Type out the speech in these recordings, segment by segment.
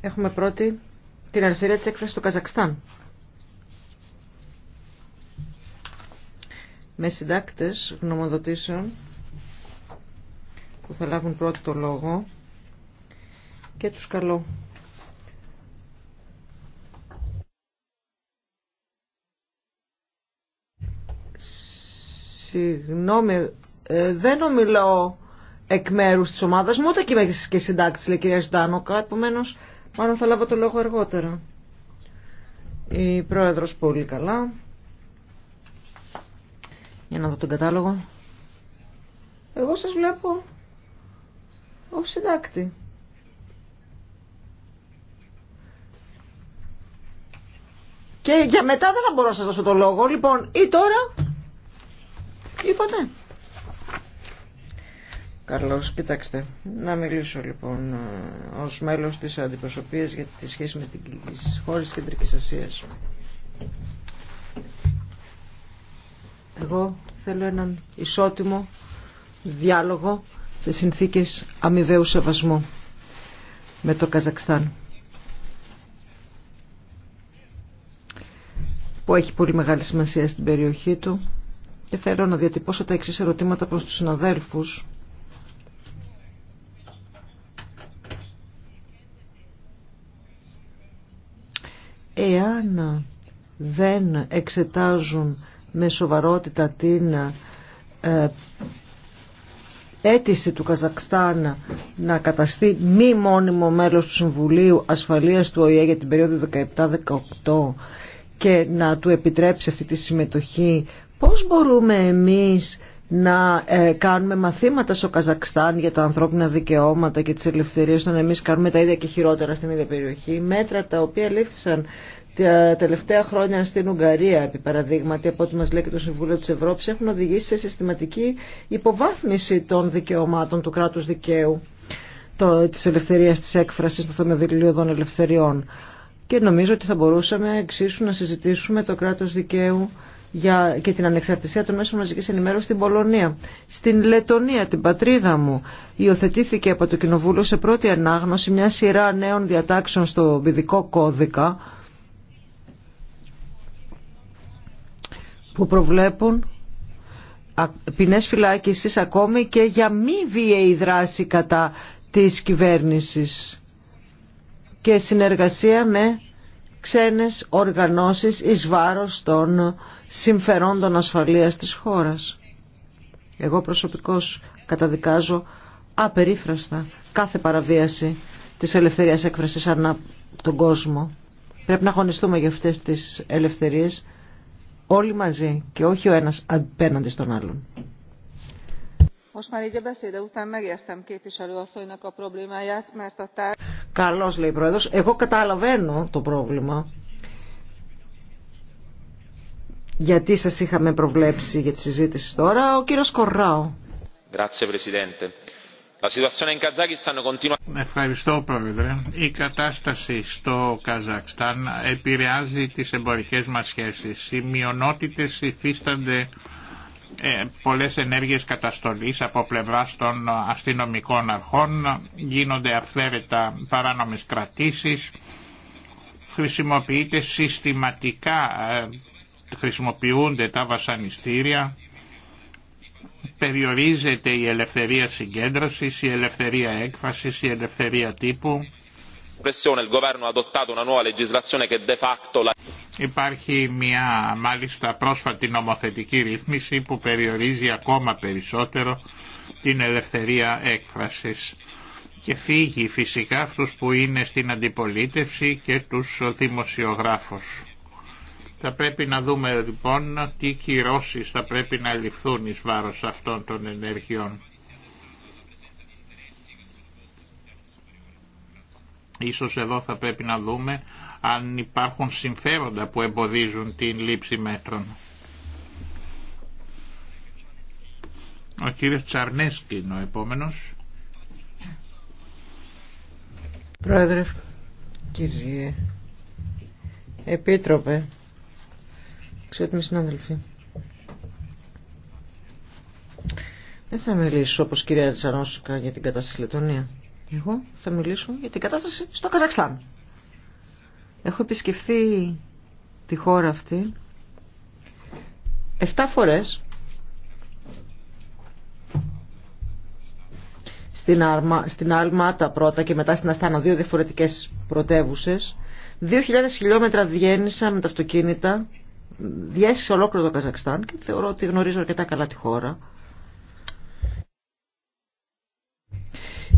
Έχουμε πρώτη την ελευθερία τη έκφραση του Καζακστάν. Με συντάκτε γνωμοδοτήσεων που θα λάβουν πρώτο το λόγο και τους καλώ. Συγγνώμη, ε, δεν ομιλώ εκ μέρου τη ομάδα μου, ούτε και με και συντάκτη, λέει κυρία Ζητάνοκα. Επομένω, Μάλλον θα λάβω το λόγο αργότερα. Η πρόεδρος πολύ καλά. Για να δω τον κατάλογο. Εγώ σας βλέπω ως συντάκτη. Και για μετά δεν θα μπορώ να σας δώσω το λόγο. Λοιπόν, ή τώρα ή ποτέ. Καλώς, κοιτάξτε. Να μιλήσω λοιπόν ε, ως μέλος της αντιπροσωπείας για τη σχέση με τις χώρες της Κεντρικής Ασίας. Εγώ θέλω έναν ισότιμο διάλογο σε συνθήκες αμοιβαίου σεβασμού με το Καζακστάν. που έχει πολύ μεγάλη σημασία στην περιοχή του και θέλω να διατυπώσω τα εξής ερωτήματα προς τους συναδέλφους εάν δεν εξετάζουν με σοβαρότητα την ε, αίτηση του Καζακστάν να καταστεί μη μόνιμο μέλος του Συμβουλίου Ασφαλείας του ΟΗΕ για την περίοδο 17-18 και να του επιτρέψει αυτή τη συμμετοχή πώς μπορούμε εμείς να ε, κάνουμε μαθήματα στο Καζακστάν για τα ανθρώπινα δικαιώματα και τις ελευθερίες όταν εμείς κάνουμε τα ίδια και χειρότερα στην ίδια περιοχή μέτρα τα οποία λήφθησαν τα τελευταία χρόνια στην Ουγγαρία, επί παραδείγματι, από ό,τι μα λέει και το Συμβούλιο τη Ευρώπη, έχουν οδηγήσει σε συστηματική υποβάθμιση των δικαιωμάτων του κράτου δικαίου, το, της ελευθερίας της έκφρασης των θεμελιωδών ελευθεριών. Και νομίζω ότι θα μπορούσαμε εξίσου να συζητήσουμε το κράτο δικαίου για, και την ανεξαρτησία των μέσων μαζική ενημέρωση στην Πολωνία. Στην Λετωνία, την πατρίδα μου, υιοθετήθηκε από το Κοινοβούλιο σε πρώτη ανάγνωση μια σειρά νέων διατάξεων στο ποιδικό κώδικα, που προβλέπουν ποινές φυλάκισης ακόμη και για μη βίαιη δράση κατά της κυβέρνησης και συνεργασία με ξένες οργανώσεις εις βάρος των συμφερόντων ασφαλείας της χώρας. Εγώ προσωπικώς καταδικάζω απερίφραστα κάθε παραβίαση της ελευθερίας έκφρασης ανά τον κόσμο. Πρέπει να αγωνιστούμε για αυτές τις ελευθερίες όλοι μαζί και όχι ο ένας απέναντι στον άλλον. Καλώς λέει η Πρόεδρος. Εγώ καταλαβαίνω το πρόβλημα γιατί σας είχαμε προβλέψει για τη συζήτηση τώρα. Ο κύριος Κορράου. Grazie, Presidente. Ευχαριστώ Πρόεδρε. Η κατάσταση στο Καζακστάν επηρεάζει τις εμπορικές μας σχέσεις. Οι μειονότητες υφίστανται ε, πολλές ενέργειες καταστολής από πλευράς των αστυνομικών αρχών, γίνονται αυθαίρετα παράνομες κρατήσεις, χρησιμοποιείται συστηματικά, ε, χρησιμοποιούνται τα βασανιστήρια, περιορίζεται η ελευθερία συγκέντρωσης, η ελευθερία έκφρασης, η ελευθερία τύπου. Υπάρχει μια μάλιστα πρόσφατη νομοθετική ρύθμιση που περιορίζει ακόμα περισσότερο την ελευθερία έκφρασης και φύγει φυσικά αυτούς που είναι στην αντιπολίτευση και τους δημοσιογράφους. Θα πρέπει να δούμε λοιπόν τι κυρώσει, θα πρέπει να ληφθούν εις βάρος αυτών των ενεργειών. Ίσως εδώ θα πρέπει να δούμε αν υπάρχουν συμφέροντα που εμποδίζουν την λήψη μέτρων. Ο κύριος Τσαρνέσκι είναι ο επόμενος. Πρόεδρε, κύριε Επίτροπε, Ξέρετε συνάδελφοι. Δεν θα μιλήσω όπω κυρία Τσαρόσκα για την κατάσταση στη Λετωνία. Εγώ θα μιλήσω για την κατάσταση στο Καζακστάν. Έχω επισκεφθεί τη χώρα αυτή 7 φορές στην, Αρμα, στην Αλμάτα πρώτα και μετά στην Αστάνα, δύο διαφορετικές πρωτεύουσες. 2.000 χιλιόμετρα διένυσα με τα αυτοκίνητα διέστησε ολόκληρο το Καζακστάν και θεωρώ ότι γνωρίζω αρκετά καλά τη χώρα.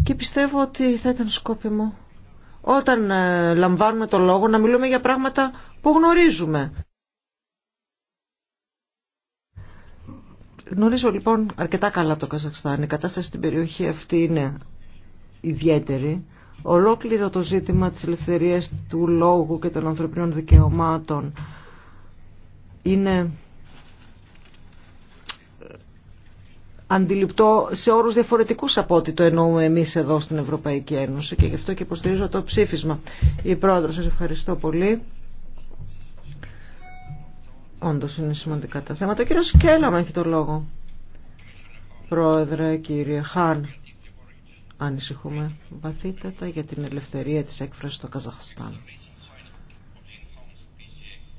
Και πιστεύω ότι θα ήταν σκόπιμο όταν ε, λαμβάνουμε το λόγο να μιλούμε για πράγματα που γνωρίζουμε. Γνωρίζω λοιπόν αρκετά καλά το Καζακστάν. Η κατάσταση στην περιοχή αυτή είναι ιδιαίτερη. Ολόκληρο το ζήτημα της ελευθερίας του λόγου και των ανθρωπινών δικαιωμάτων είναι αντιληπτό σε όρους διαφορετικούς από ό,τι το εννοούμε εμείς εδώ στην Ευρωπαϊκή Ένωση και γι' αυτό και υποστηρίζω το ψήφισμα. Η Πρόεδρος, σας ευχαριστώ πολύ. Όντως είναι σημαντικά τα θέματα. Ο κύριος Κέλαμα έχει το λόγο. Πρόεδρε, κύριε Χάν, ανησυχούμε βαθύτατα για την ελευθερία της έκφρασης στο Καζαχστάν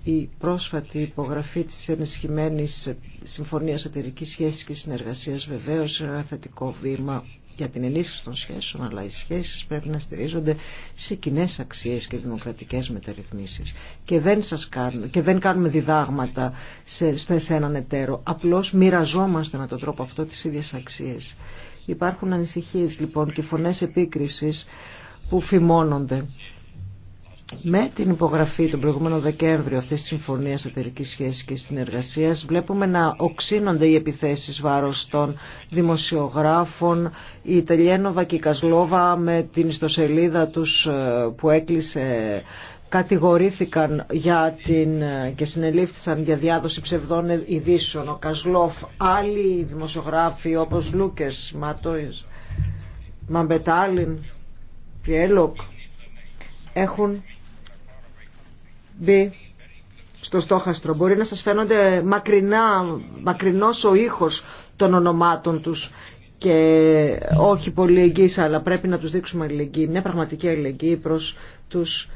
η πρόσφατη υπογραφή της ενισχυμένης Συμφωνίας Εταιρικής Σχέσης και Συνεργασίας βεβαίως είναι ένα θετικό βήμα για την ενίσχυση των σχέσεων, αλλά οι σχέσεις πρέπει να στηρίζονται σε κοινέ αξίες και δημοκρατικές μεταρρυθμίσεις. Και δεν, σας κάνουμε, και δεν κάνουμε διδάγματα σε, σε, σε έναν εταίρο, απλώς μοιραζόμαστε με τον τρόπο αυτό τις ίδιες αξίες. Υπάρχουν ανησυχίες λοιπόν και φωνές επίκρισης που φημώνονται με την υπογραφή τον προηγούμενο Δεκέμβριο αυτή τη συμφωνία εταιρική σχέση και συνεργασία, βλέπουμε να οξύνονται οι επιθέσει βάρο των δημοσιογράφων. Η Τελιένοβα και η Κασλόβα με την ιστοσελίδα του ε, που έκλεισε κατηγορήθηκαν για την, ε, και συνελήφθησαν για διάδοση ψευδών ειδήσεων. Ο Κασλόφ, άλλοι δημοσιογράφοι όπως Λούκες, Μάτοι, Μαμπετάλιν, Πιέλοκ έχουν μπει στο στόχαστρο. Μπορεί να σας φαίνονται μακρινά, μακρινός ο ήχος των ονομάτων τους και όχι πολύ εγγύης, αλλά πρέπει να τους δείξουμε αλληλεγγύη, μια πραγματική αλληλεγγύη προς τους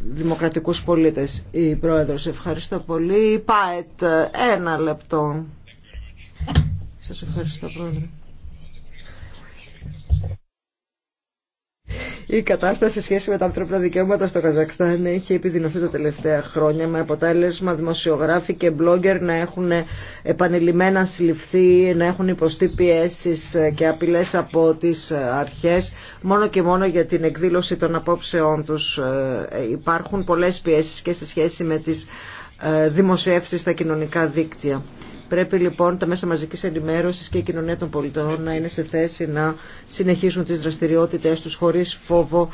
δημοκρατικούς πολίτες. Η Πρόεδρος, ευχαριστώ πολύ. ΠΑΕΤ, ένα λεπτό. Σας ευχαριστώ, Πρόεδρε. Η κατάσταση σε σχέση με τα ανθρώπινα δικαιώματα στο Καζακστάν έχει επιδεινωθεί τα τελευταία χρόνια με αποτέλεσμα δημοσιογράφοι και μπλόγγερ να έχουν επανειλημμένα συλληφθεί, να έχουν υποστεί πιέσει και απειλέ από τι αρχέ μόνο και μόνο για την εκδήλωση των απόψεών του. Ε, υπάρχουν πολλέ πιέσει και σε σχέση με τι ε, δημοσιεύσεις στα κοινωνικά δίκτυα. Πρέπει λοιπόν τα μέσα μαζικής ενημέρωσης και η κοινωνία των πολιτών να είναι σε θέση να συνεχίσουν τις δραστηριότητες τους χωρίς φόβο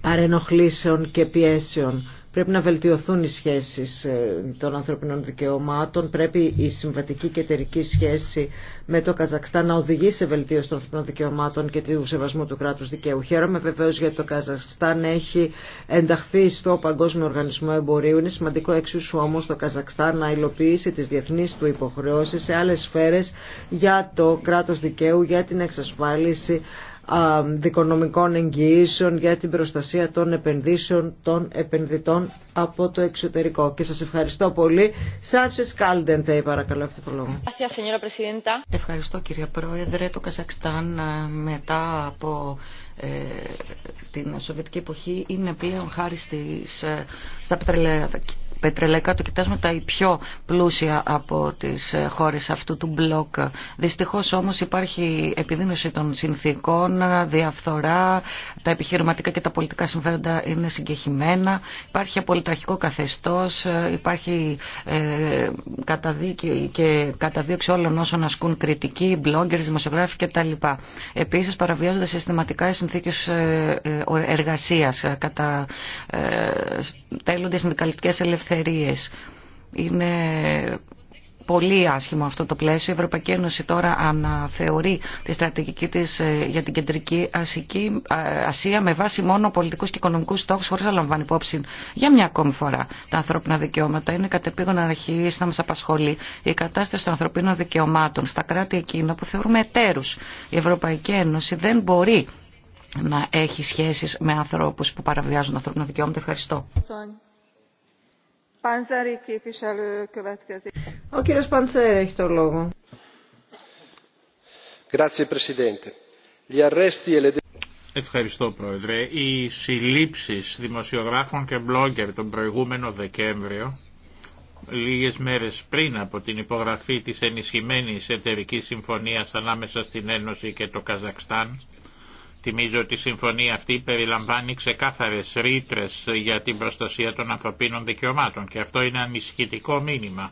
παρενοχλήσεων και πιέσεων. Πρέπει να βελτιωθούν οι σχέσεις ε, των ανθρωπινών δικαιωμάτων, πρέπει η συμβατική και εταιρική σχέση με το Καζακστάν να οδηγεί σε βελτίωση των ανθρωπινών δικαιωμάτων και του σεβασμού του κράτους δικαίου. Χαίρομαι βεβαίως γιατί το Καζακστάν έχει ενταχθεί στο Παγκόσμιο Οργανισμό Εμπορίου. Είναι σημαντικό εξίσου όμως το Καζακστάν να υλοποιήσει τις διεθνείς του υποχρεώσεις σε άλλες σφαίρες για το κράτος δικαίου, για την εξασφάλιση δικονομικών εγγυήσεων για την προστασία των επενδύσεων των επενδυτών από το εξωτερικό. Και σας ευχαριστώ πολύ. Σάντσες Κάλντεντε, παρακαλώ, αυτό το λόγο. Ευχαριστώ κύριε Πρόεδρε. Το Καζακστάν μετά από ε, την Σοβιετική εποχή είναι πλέον χάρη στις, ε, στα πετρελαία πετρελαϊκά το κοιτάζουμε τα πιο πλούσια από τις ε, χώρες αυτού του μπλοκ. Δυστυχώς όμως υπάρχει επιδείνωση των συνθήκων, διαφθορά, τα επιχειρηματικά και τα πολιτικά συμφέροντα είναι συγκεχημένα, υπάρχει απολυταρχικό καθεστώς, ε, υπάρχει ε, καταδίκη και καταδίωξη όλων όσων ασκούν κριτική, bloggers, δημοσιογράφοι κτλ. Επίσης παραβιάζονται συστηματικά οι συνθήκες ε, εργασίας, τέλονται συνδικαλιστικές ελευθερίες ελευθερίες. Είναι πολύ άσχημο αυτό το πλαίσιο. Η Ευρωπαϊκή Ένωση τώρα αναθεωρεί τη στρατηγική τη ε, για την κεντρική Ασική, ε, Ασία με βάση μόνο πολιτικού και οικονομικού στόχου, χωρί να λαμβάνει υπόψη για μια ακόμη φορά τα ανθρώπινα δικαιώματα. Είναι κατεπίγον αρχή να μα απασχολεί η κατάσταση των ανθρωπίνων δικαιωμάτων στα κράτη εκείνα που θεωρούμε εταίρου. Η Ευρωπαϊκή Ένωση δεν μπορεί να έχει σχέσεις με ανθρώπους που παραβιάζουν ανθρώπινα δικαιώματα. Ευχαριστώ. Ο έχει το λόγο. E Ευχαριστώ Πρόεδρε. Οι συλλήψεις δημοσιογράφων και μπλόγκερ τον προηγούμενο Δεκέμβριο, λίγες μέρες πριν από την υπογραφή της ενισχυμένης εταιρικής συμφωνίας ανάμεσα στην Ένωση και το Καζακστάν, Θυμίζω ότι η συμφωνία αυτή περιλαμβάνει ξεκάθαρες ρήτρε για την προστασία των ανθρωπίνων δικαιωμάτων και αυτό είναι ανησυχητικό μήνυμα.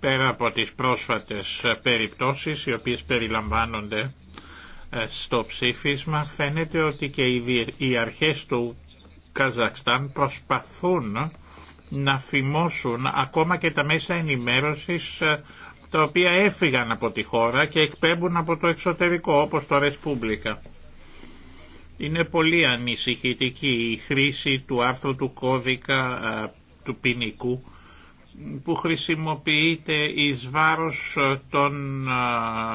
Πέρα από τις πρόσφατες περιπτώσεις οι οποίες περιλαμβάνονται ε, στο ψήφισμα φαίνεται ότι και οι αρχές του Καζακστάν προσπαθούν να φημώσουν ακόμα και τα μέσα ενημέρωσης ε, τα οποία έφυγαν από τη χώρα και εκπέμπουν από το εξωτερικό όπως το Ρεσπούμπλικα. Είναι πολύ ανησυχητική η χρήση του άρθρου του κώδικα του ποινικού που χρησιμοποιείται εις βάρος των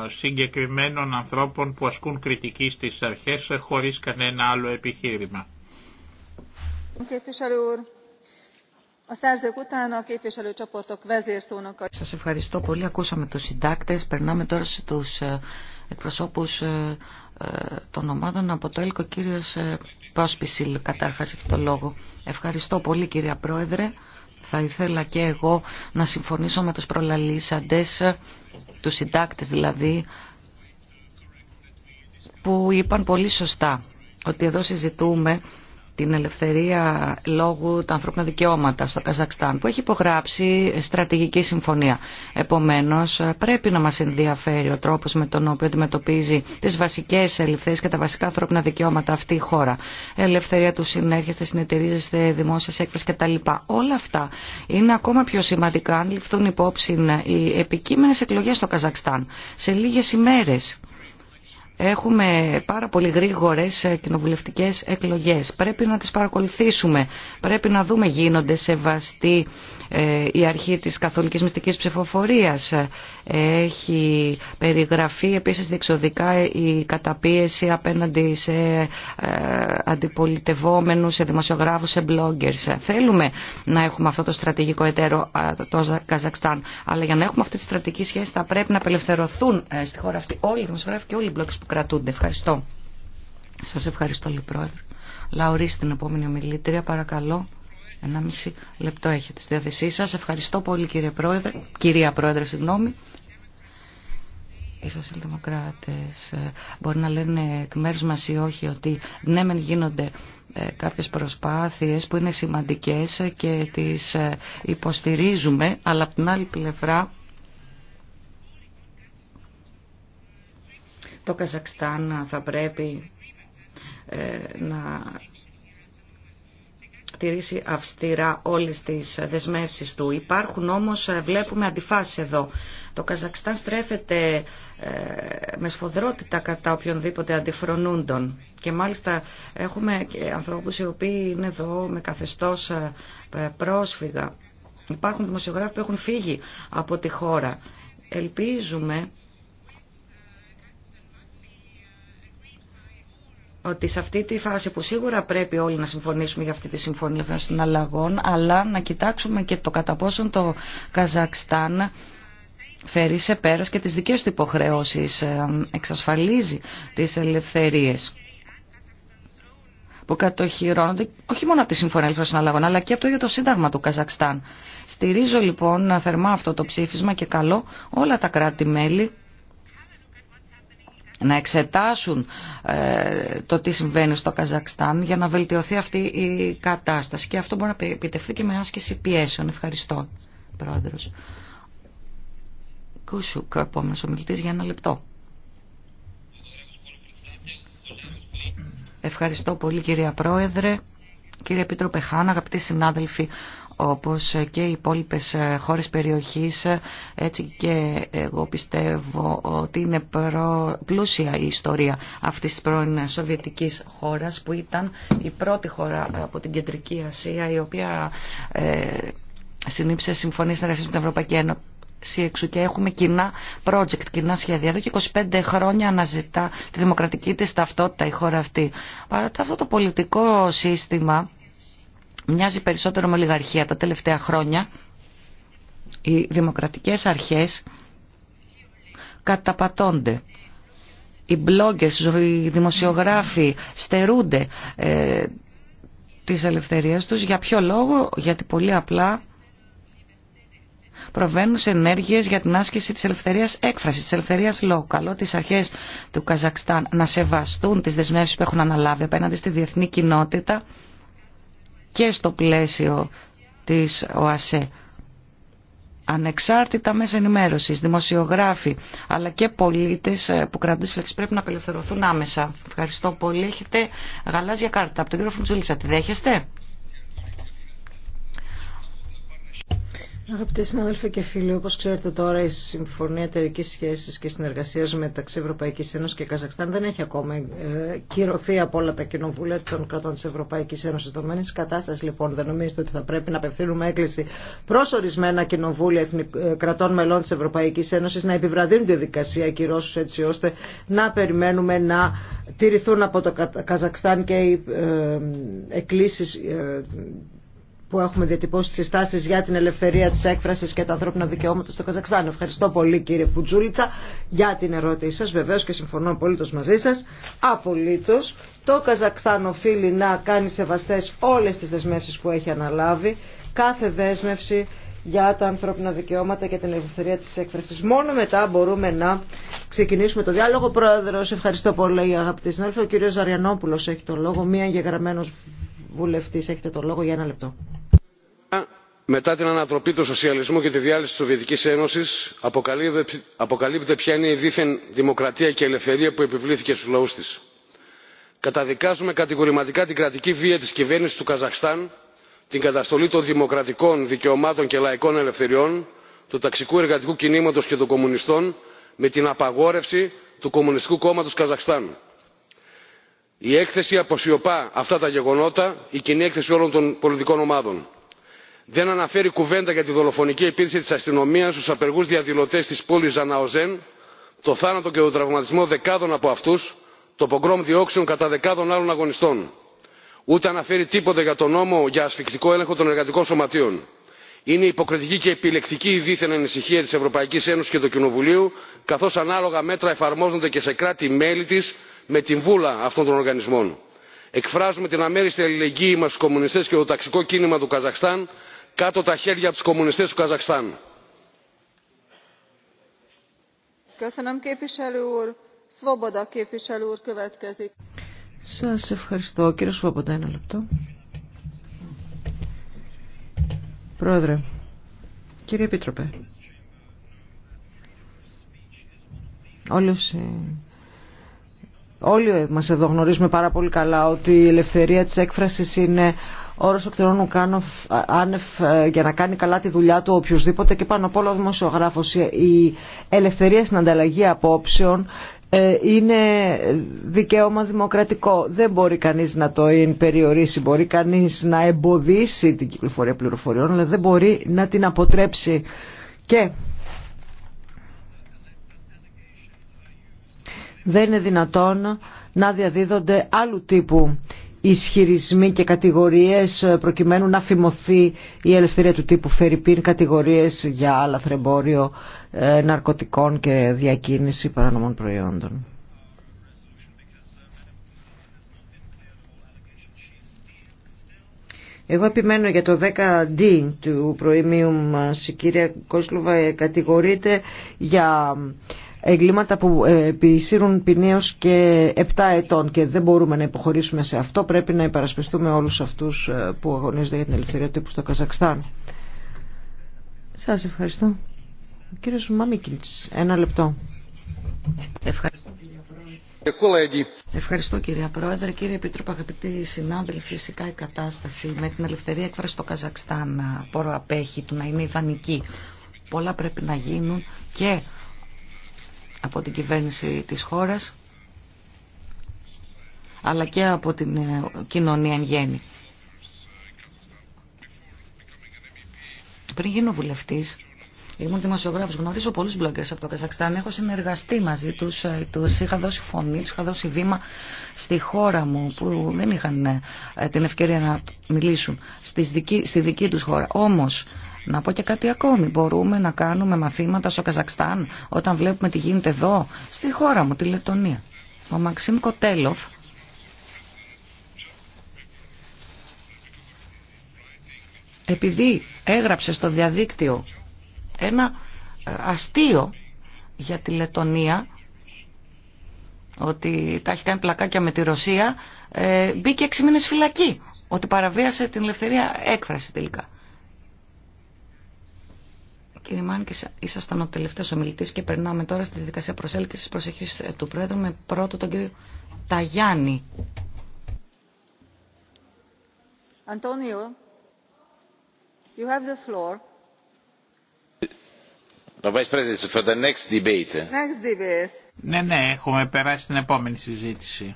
συγκεκριμένων ανθρώπων που ασκούν κριτική στις αρχές ε, χωρίς κανένα άλλο επιχείρημα. Σας ευχαριστώ πολύ. Ακούσαμε τους συντάκτες. Περνάμε τώρα στους ε, εκπροσώπους ε, ε, των ομάδων από το ΕΛΚΟ, κύριος ε, Πρόσπισιλ, κατάρχας έχει το λόγο. Ευχαριστώ πολύ κυρία Πρόεδρε. Θα ήθελα και εγώ να συμφωνήσω με τους προλαλήσαντες, τους συντάκτες δηλαδή, που είπαν πολύ σωστά ότι εδώ συζητούμε την ελευθερία λόγου, τα ανθρώπινα δικαιώματα στο Καζακστάν, που έχει υπογράψει στρατηγική συμφωνία. επομένως πρέπει να μας ενδιαφέρει ο τρόπος με τον οποίο αντιμετωπίζει τις βασικές ελευθερίες και τα βασικά ανθρώπινα δικαιώματα αυτή η χώρα. Ελευθερία του συνέρχεστε, συνεταιρίζεστε, δημόσια έκφραση κτλ. Όλα αυτά είναι ακόμα πιο σημαντικά αν ληφθούν υπόψη οι επικείμενε εκλογές στο Καζακστάν σε λίγε ημέρε έχουμε πάρα πολύ γρήγορες ε, κοινοβουλευτικές εκλογές. Πρέπει να τις παρακολουθήσουμε. Πρέπει να δούμε γίνονται σεβαστή η ε, αρχή της καθολικής μυστικής ψηφοφορίας. Έχει περιγραφεί επίσης διεξοδικά η καταπίεση απέναντι σε ε, αντιπολιτευόμενους, σε δημοσιογράφους, σε bloggers. Θέλουμε να έχουμε αυτό το στρατηγικό εταίρο το Καζακστάν, αλλά για να έχουμε αυτή τη στρατηγική σχέση θα πρέπει να απελευθερωθούν ε, στη χώρα αυτή όλοι οι δημοσιογράφοι και όλοι οι bloggers που κρατούνται. Ευχαριστώ. Σας ευχαριστώ, Λεπρόεδρε. Λαουρίστε την επόμενη ομιλήτρια, παρακαλώ μισή λεπτό έχετε στη διάθεσή σα. Ευχαριστώ πολύ κύριε Πρόεδρε, κυρία Πρόεδρε, συγγνώμη. Οι Σοσιαλδημοκράτε, ε, μπορεί να λένε εκ μέρου μα ή όχι ότι ναι μεν γίνονται ε, κάποιες προσπάθειες που είναι σημαντικές και τις ε, υποστηρίζουμε, αλλά από την άλλη πλευρά το Καζακστάν θα πρέπει να τηρήσει αυστηρά όλες τις δεσμεύσεις του. Υπάρχουν όμως, ε, βλέπουμε αντιφάσεις εδώ. Το Καζακστάν στρέφεται ε, με σφοδρότητα κατά οποιονδήποτε αντιφρονούντων. Και μάλιστα έχουμε και ανθρώπους οι οποίοι είναι εδώ με καθεστώς ε, πρόσφυγα. Υπάρχουν δημοσιογράφοι που έχουν φύγει από τη χώρα. Ελπίζουμε ότι σε αυτή τη φάση που σίγουρα πρέπει όλοι να συμφωνήσουμε για αυτή τη συμφωνία των συναλλαγών, αλλά να κοιτάξουμε και το κατά πόσον το Καζακστάν φέρει σε πέρας και τις δικές του υποχρεώσεις, ε, εξασφαλίζει τις ελευθερίες που κατοχυρώνονται όχι μόνο από τη Συμφωνία Ελευθερών Συναλλαγών, αλλά και από το ίδιο το Σύνταγμα του Καζακστάν. Στηρίζω λοιπόν θερμά αυτό το ψήφισμα και καλό όλα τα κράτη-μέλη να εξετάσουν ε, το τι συμβαίνει στο Καζακστάν για να βελτιωθεί αυτή η κατάσταση. Και αυτό μπορεί να επιτευχθεί και με άσκηση πιέσεων. Ευχαριστώ, Πρόεδρος. Κούσουκ, επόμενος ομιλητής, για ένα λεπτό. Ευχαριστώ πολύ κυρία Πρόεδρε, κύριε πίτρο Χάν, αγαπητοί συνάδελφοι όπως και οι υπόλοιπες ε, χώρες περιοχής ε, έτσι και εγώ πιστεύω ότι είναι προ... πλούσια η ιστορία αυτής της πρώην Σοβιετικής χώρας που ήταν η πρώτη χώρα ε, από την Κεντρική Ασία η οποία ε, συνήψε συμφωνία με την Ευρωπαϊκή Ένωση και έχουμε κοινά project, κοινά σχέδια. Εδώ και 25 χρόνια αναζητά τη δημοκρατική της ταυτότητα η χώρα αυτή. Παρά το αυτό το πολιτικό σύστημα μοιάζει περισσότερο με ολιγαρχία τα τελευταία χρόνια. Οι δημοκρατικές αρχές καταπατώνται. Οι bloggers, οι δημοσιογράφοι στερούνται ε, της ελευθερίας τους. Για ποιο λόγο, γιατί πολύ απλά προβαίνουν σε ενέργειες για την άσκηση της ελευθερίας έκφρασης, της ελευθερίας λόγου. Καλό τις αρχές του Καζακστάν να σεβαστούν τις δεσμεύσεις που έχουν αναλάβει απέναντι στη διεθνή κοινότητα και στο πλαίσιο της ΟΑΣΕ. Ανεξάρτητα μέσα ενημέρωσης, δημοσιογράφοι, αλλά και πολίτες ε, που κρατούν φλεξ πρέπει να απελευθερωθούν άμεσα. Ευχαριστώ πολύ. Έχετε γαλάζια κάρτα από τον κύριο Φουντζούλησα. Τη δέχεστε? Αγαπητοί συνάδελφοι και φίλοι, όπω ξέρετε τώρα η Συμφωνία Εταιρική σχέση και συνεργασία μεταξύ Ευρωπαϊκή Ένωση και Καζακστάν δεν έχει ακόμα ε, κυρωθεί από όλα τα κοινοβούλια των κρατών της Ευρωπαϊκής Ένωσης. Δεδομένη κατάσταση λοιπόν δεν νομίζετε ότι θα πρέπει να απευθύνουμε έκκληση προ ορισμένα κοινοβούλια ε, κρατών μελών τη Ευρωπαϊκή Ένωση, να επιβραδύνουν τη δικασία κυρώσου, έτσι ώστε να περιμένουμε να τηρηθούν από το Καζακστάν και οι ε, εκκλήσει που έχουμε διατυπώσει τι συστάσει για την ελευθερία τη έκφραση και τα ανθρώπινα δικαιώματα στο Καζακστάν. Ευχαριστώ πολύ κύριε Φουτζούλητσα για την ερώτησή σα, βεβαίω και συμφωνώ απολύτω μαζί σα Απολύτω. το Καζακστάν οφείλει να κάνει σεβαστέ όλε τι δεσμεύσει που έχει αναλάβει. Κάθε δέσμευση για τα ανθρώπινα δικαιώματα και την ελευθερία της έκφρασης. Μόνο μετά μπορούμε να ξεκινήσουμε το διάλογο. Πρόεδρος, ευχαριστώ πολύ αγαπητοί συνάδελφοι. Ο κύριος Ζαριανόπουλος έχει το λόγο, μία εγγεγραμμένος βουλευτής. Έχετε το λόγο για ένα λεπτό. Μετά την ανατροπή του σοσιαλισμού και τη διάλυση της Σοβιετικής Ένωσης αποκαλύπτεται ποια είναι η δίθεν δημοκρατία και ελευθερία που επιβλήθηκε στους λαούς της. Καταδικάζουμε κατηγορηματικά την κρατική βία της κυβέρνησης του Καζαχστάν, την καταστολή των δημοκρατικών δικαιωμάτων και λαϊκών ελευθεριών, του ταξικού εργατικού κινήματος και των κομμουνιστών με την απαγόρευση του Κομμουνιστικού Κόμματος Καζαχστάν η έκθεση αποσιωπά αυτά τα γεγονότα η κοινή έκθεση όλων των πολιτικών ομάδων. δεν αναφέρει κουβέντα για τη δολοφονική επίθεση της αστυνομίας στους απεργούς διαδηλωτές της πόλης ζαναοζέν το θάνατο και τον τραυματισμό δεκάδων από αυτούς το πογκρόμ διώξεων κατά δεκάδων άλλων αγωνιστών. ούτε αναφέρει τίποτα για τον νόμο για ασφυκτικό έλεγχο των εργατικών σωματείων. είναι υποκριτική και επιλεκτική η δίθεν ανησυχία τη ευρωπαϊκής ένωσης και του κοινοβουλίου καθώ ανάλογα μέτρα εφαρμόζονται και σε κράτη μέλη τη με την βούλα αυτών των οργανισμών. εκφράζουμε την αμέριστη αλληλεγγύη μας στους κομμουνιστές και το ταξικό κίνημα του καζαχστάν κάτω τα χέρια από τους κομμουνιστές του καζαχστάν. Σας ευχαριστώ. Κύριε ένα λεπτό. Πρόεδρε, κύριε Επίτροπε, Όλοι μας εδώ γνωρίζουμε πάρα πολύ καλά ότι η ελευθερία της έκφρασης είναι όρος εκτελώνου άνευ ε, για να κάνει καλά τη δουλειά του οποιοδήποτε και πάνω απ' όλα ο δημοσιογράφος. Η ελευθερία στην ανταλλαγή απόψεων ε, είναι δικαίωμα δημοκρατικό. Δεν μπορεί κανείς να το περιορίσει, μπορεί κανείς να εμποδίσει την κυκλοφορία πληροφοριών, αλλά δεν μπορεί να την αποτρέψει. Και δεν είναι δυνατόν να διαδίδονται άλλου τύπου ισχυρισμοί και κατηγορίες προκειμένου να φημωθεί η ελευθερία του τύπου Φερρυπίν, κατηγορίες για άλλα θρεμπόριο ε, ναρκωτικών και διακίνηση παρανομών προϊόντων. Εγώ επιμένω για το 10D του προημίου μας. Η κυρία Κόσλουβα ε, κατηγορείται για εγκλήματα που ε, επισύρουν ποινίως και 7 ετών και δεν μπορούμε να υποχωρήσουμε σε αυτό. Πρέπει να υπερασπιστούμε όλους αυτούς ε, που αγωνίζονται για την ελευθερία του στο Καζακστάν. Σας ευχαριστώ. Ο κύριος ένα λεπτό. Ευχαριστώ. Ευχαριστώ κύριε Πρόεδρε. Κύριε Επίτροπο, αγαπητοί συνάδελφοι, φυσικά η κατάσταση με την ελευθερία έκφραση στο Καζακστάν ε, πόρο απέχει του να είναι ιδανική. Πολλά πρέπει να γίνουν και από την κυβέρνηση της χώρας αλλά και από την ε, κοινωνία εν γέννη. Πριν γίνω βουλευτής, ήμουν δημοσιογράφος, γνωρίζω πολλούς bloggers από το Καζακστάν, έχω συνεργαστεί μαζί τους, ε, τους είχα δώσει φωνή, τους είχα δώσει βήμα στη χώρα μου που δεν είχαν ε, την ευκαιρία να μιλήσουν στη δική, στη δική τους χώρα. Όμως, να πω και κάτι ακόμη. Μπορούμε να κάνουμε μαθήματα στο Καζακστάν όταν βλέπουμε τι γίνεται εδώ, στη χώρα μου, τη Λετωνία. Ο Μαξίμ Κοτέλοφ επειδή έγραψε στο διαδίκτυο ένα ε, αστείο για τη Λετωνία ότι τα έχει κάνει πλακάκια με τη Ρωσία ε, μπήκε 6 μήνες φυλακή ότι παραβίασε την ελευθερία έκφραση τελικά. Κύριε Μάνκη, ήσασταν ο τελευταίο ομιλητή και περνάμε τώρα στη διαδικασία προσέλκυση προσοχή ε, του Πρόεδρου με πρώτο τον κύριο Ταγιάννη. Αντώνιο, you have the floor. for the Ναι, ναι, έχουμε περάσει την επόμενη συζήτηση.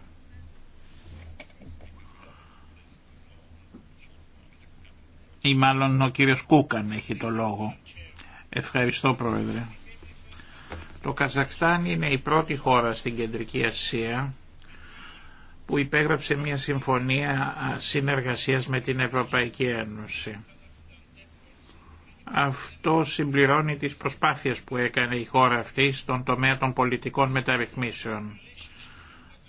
Ή μάλλον ο κύριος Κούκαν έχει το λόγο. Ευχαριστώ Πρόεδρε. Το Καζακστάν είναι η πρώτη χώρα στην Κεντρική Ασία που υπέγραψε μια συμφωνία συνεργασίας με την Ευρωπαϊκή Ένωση. Αυτό συμπληρώνει τις προσπάθειες που έκανε η χώρα αυτή στον τομέα των πολιτικών μεταρρυθμίσεων.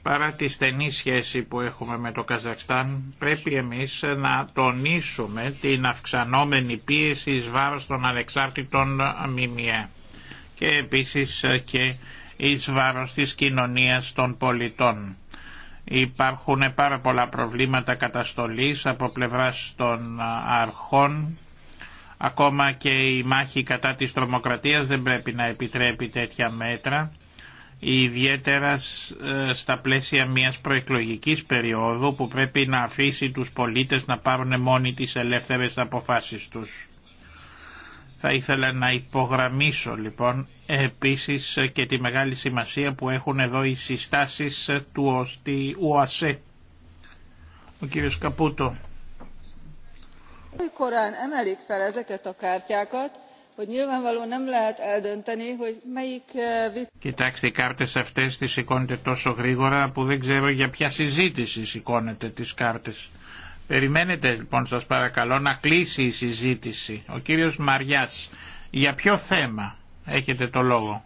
Παρά τη στενή σχέση που έχουμε με το Καζακστάν, πρέπει εμείς να τονίσουμε την αυξανόμενη πίεση εις βάρος των ανεξάρτητων ΜΜΕ και επίσης και εις βάρος της κοινωνίας των πολιτών. Υπάρχουν πάρα πολλά προβλήματα καταστολής από πλευράς των αρχών. Ακόμα και η μάχη κατά της τρομοκρατίας δεν πρέπει να επιτρέπει τέτοια μέτρα ιδιαίτερα ε, στα πλαίσια μιας προεκλογικής περίοδου που πρέπει να αφήσει τους πολίτες να πάρουν μόνοι τις ελεύθερες αποφάσεις τους. Θα ήθελα να υπογραμμίσω λοιπόν επίσης και τη μεγάλη σημασία που έχουν εδώ οι συστάσεις του ΟΑΣΕ. Ο κύριος Καπούτο. Eh, Κοιτάξτε, οι κάρτες αυτές τις σηκώνετε τόσο γρήγορα που δεν ξέρω για ποια συζήτηση σηκώνετε τις κάρτες. Περιμένετε λοιπόν σας παρακαλώ να κλείσει η συζήτηση. Ο κύριος Μαριάς, για ποιο θέμα έχετε το λόγο.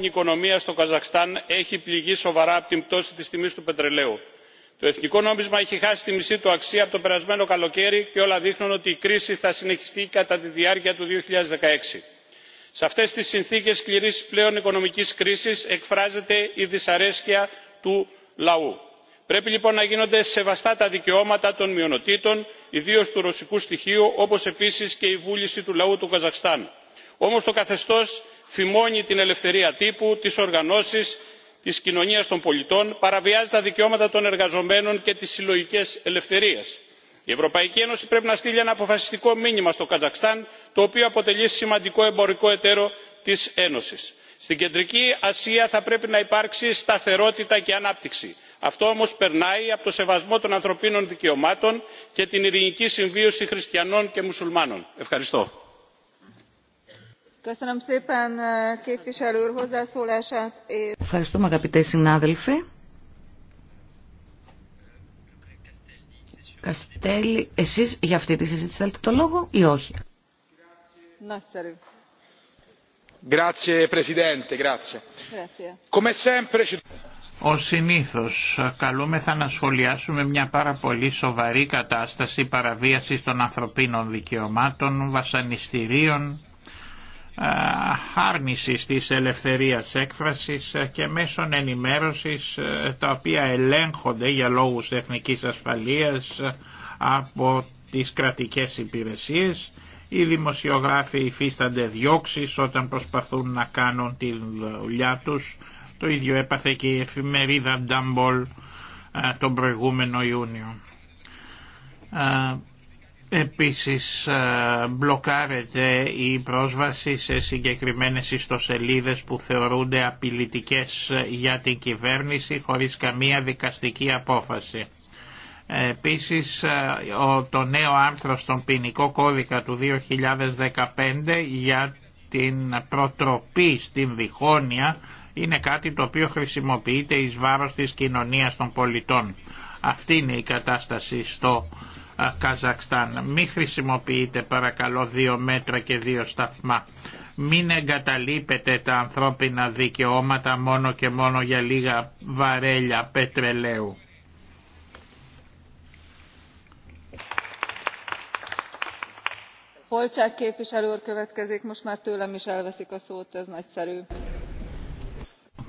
Η οικονομία στο Καζακστάν έχει πληγεί σοβαρά από την πτώση της τιμής του πετρελαίου το εθνικό νόμισμα έχει χάσει τη μισή του αξία από το περασμένο καλοκαίρι και όλα δείχνουν ότι η κρίση θα συνεχιστεί κατά τη διάρκεια του. 2016. χιλιάδες σε αυτές τις συνθήκες σκληρής πλέον οικονομικής κρίσης εκφράζεται η δυσαρέσκεια του λαού. πρέπει λοιπόν να γίνονται σεβαστά τα δικαιώματα των μειονοτήτων ιδίως του ρωσικού στοιχείου όπως επίσης και η βούληση του λαού του Καζακστάν. όμως το καθεστώς φημώνει την ελευθερία τύπου τις οργανώσεις της κοινωνίας των πολιτών παραβιάζει τα δικαιώματα των εργαζομένων και τις συλλογικές ελευθερίες. η ευρωπαϊκή ένωση πρέπει να στείλει ένα αποφασιστικό μήνυμα στο καζακστάν το οποίο αποτελεί σημαντικό εμπορικό εταίρο της ένωσης. στην κεντρική ασία θα πρέπει να υπάρξει σταθερότητα και ανάπτυξη. αυτό όμως περνάει από το σεβασμό των ανθρωπίνων δικαιωμάτων και την ειρηνική συμβίωση χριστιανών και μουσουλμάνων. ευχαριστώ. Eh, Ευχαριστούμε αγαπητέ συνάδελφοι. Καστέλη, εσείς για αυτή τη συζήτηση θέλετε το λόγο ή όχι. Ο συνήθως, ε, καλούμεθα να σχολιάσουμε μια πάρα πολύ σοβαρή κατάσταση παραβίασης των ανθρωπίνων δικαιωμάτων, βασανιστήριων, άρνησης ε, της ελευθερίας έκφρασης ε, και μέσων ενημέρωσης ε, τα οποία ελέγχονται για λόγους εθνικής ασφαλείας από τις κρατικές υπηρεσίες. Οι δημοσιογράφοι υφίστανται διώξεις όταν προσπαθούν να κάνουν την δουλειά τους. Το ίδιο έπαθε και η εφημερίδα Ντάμπολ τον προηγούμενο Ιούνιο Επίσης ε, μπλοκάρεται η πρόσβαση σε συγκεκριμένες ιστοσελίδες που θεωρούνται απειλητικές για την κυβέρνηση χωρίς καμία δικαστική απόφαση. Επίσης ε, το νέο άρθρο στον ποινικό κώδικα του 2015 για την προτροπή στην διχόνοια είναι κάτι το οποίο χρησιμοποιείται εις βάρος της κοινωνίας των πολιτών. Αυτή είναι η κατάσταση στο Καζακστάν. Μην χρησιμοποιείτε παρακαλώ δύο μέτρα και δύο σταθμά. Μην εγκαταλείπετε τα ανθρώπινα δικαιώματα μόνο και μόνο για λίγα βαρέλια πετρελαίου.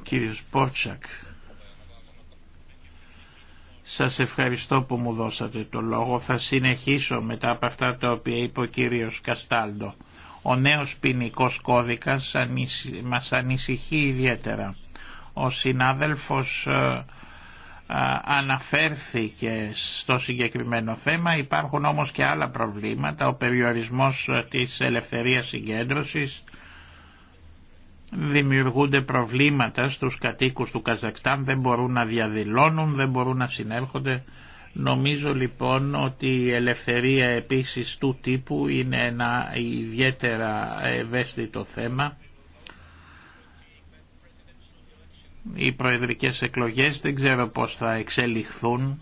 κύριος Πότσακ. Σας ευχαριστώ που μου δώσατε το λόγο. Θα συνεχίσω μετά από αυτά τα οποία είπε ο κύριος Καστάλντο. Ο νέος ποινικό κώδικας μας ανησυχεί ιδιαίτερα. Ο συνάδελφος ε, ε, αναφέρθηκε στο συγκεκριμένο θέμα. Υπάρχουν όμως και άλλα προβλήματα. Ο περιορισμός ε, της ελευθερίας συγκέντρωσης, δημιουργούνται προβλήματα στους κατοίκους του Καζακστάν, δεν μπορούν να διαδηλώνουν, δεν μπορούν να συνέρχονται. Νομίζω λοιπόν ότι η ελευθερία επίσης του τύπου είναι ένα ιδιαίτερα ευαίσθητο θέμα. Οι προεδρικές εκλογές δεν ξέρω πώς θα εξελιχθούν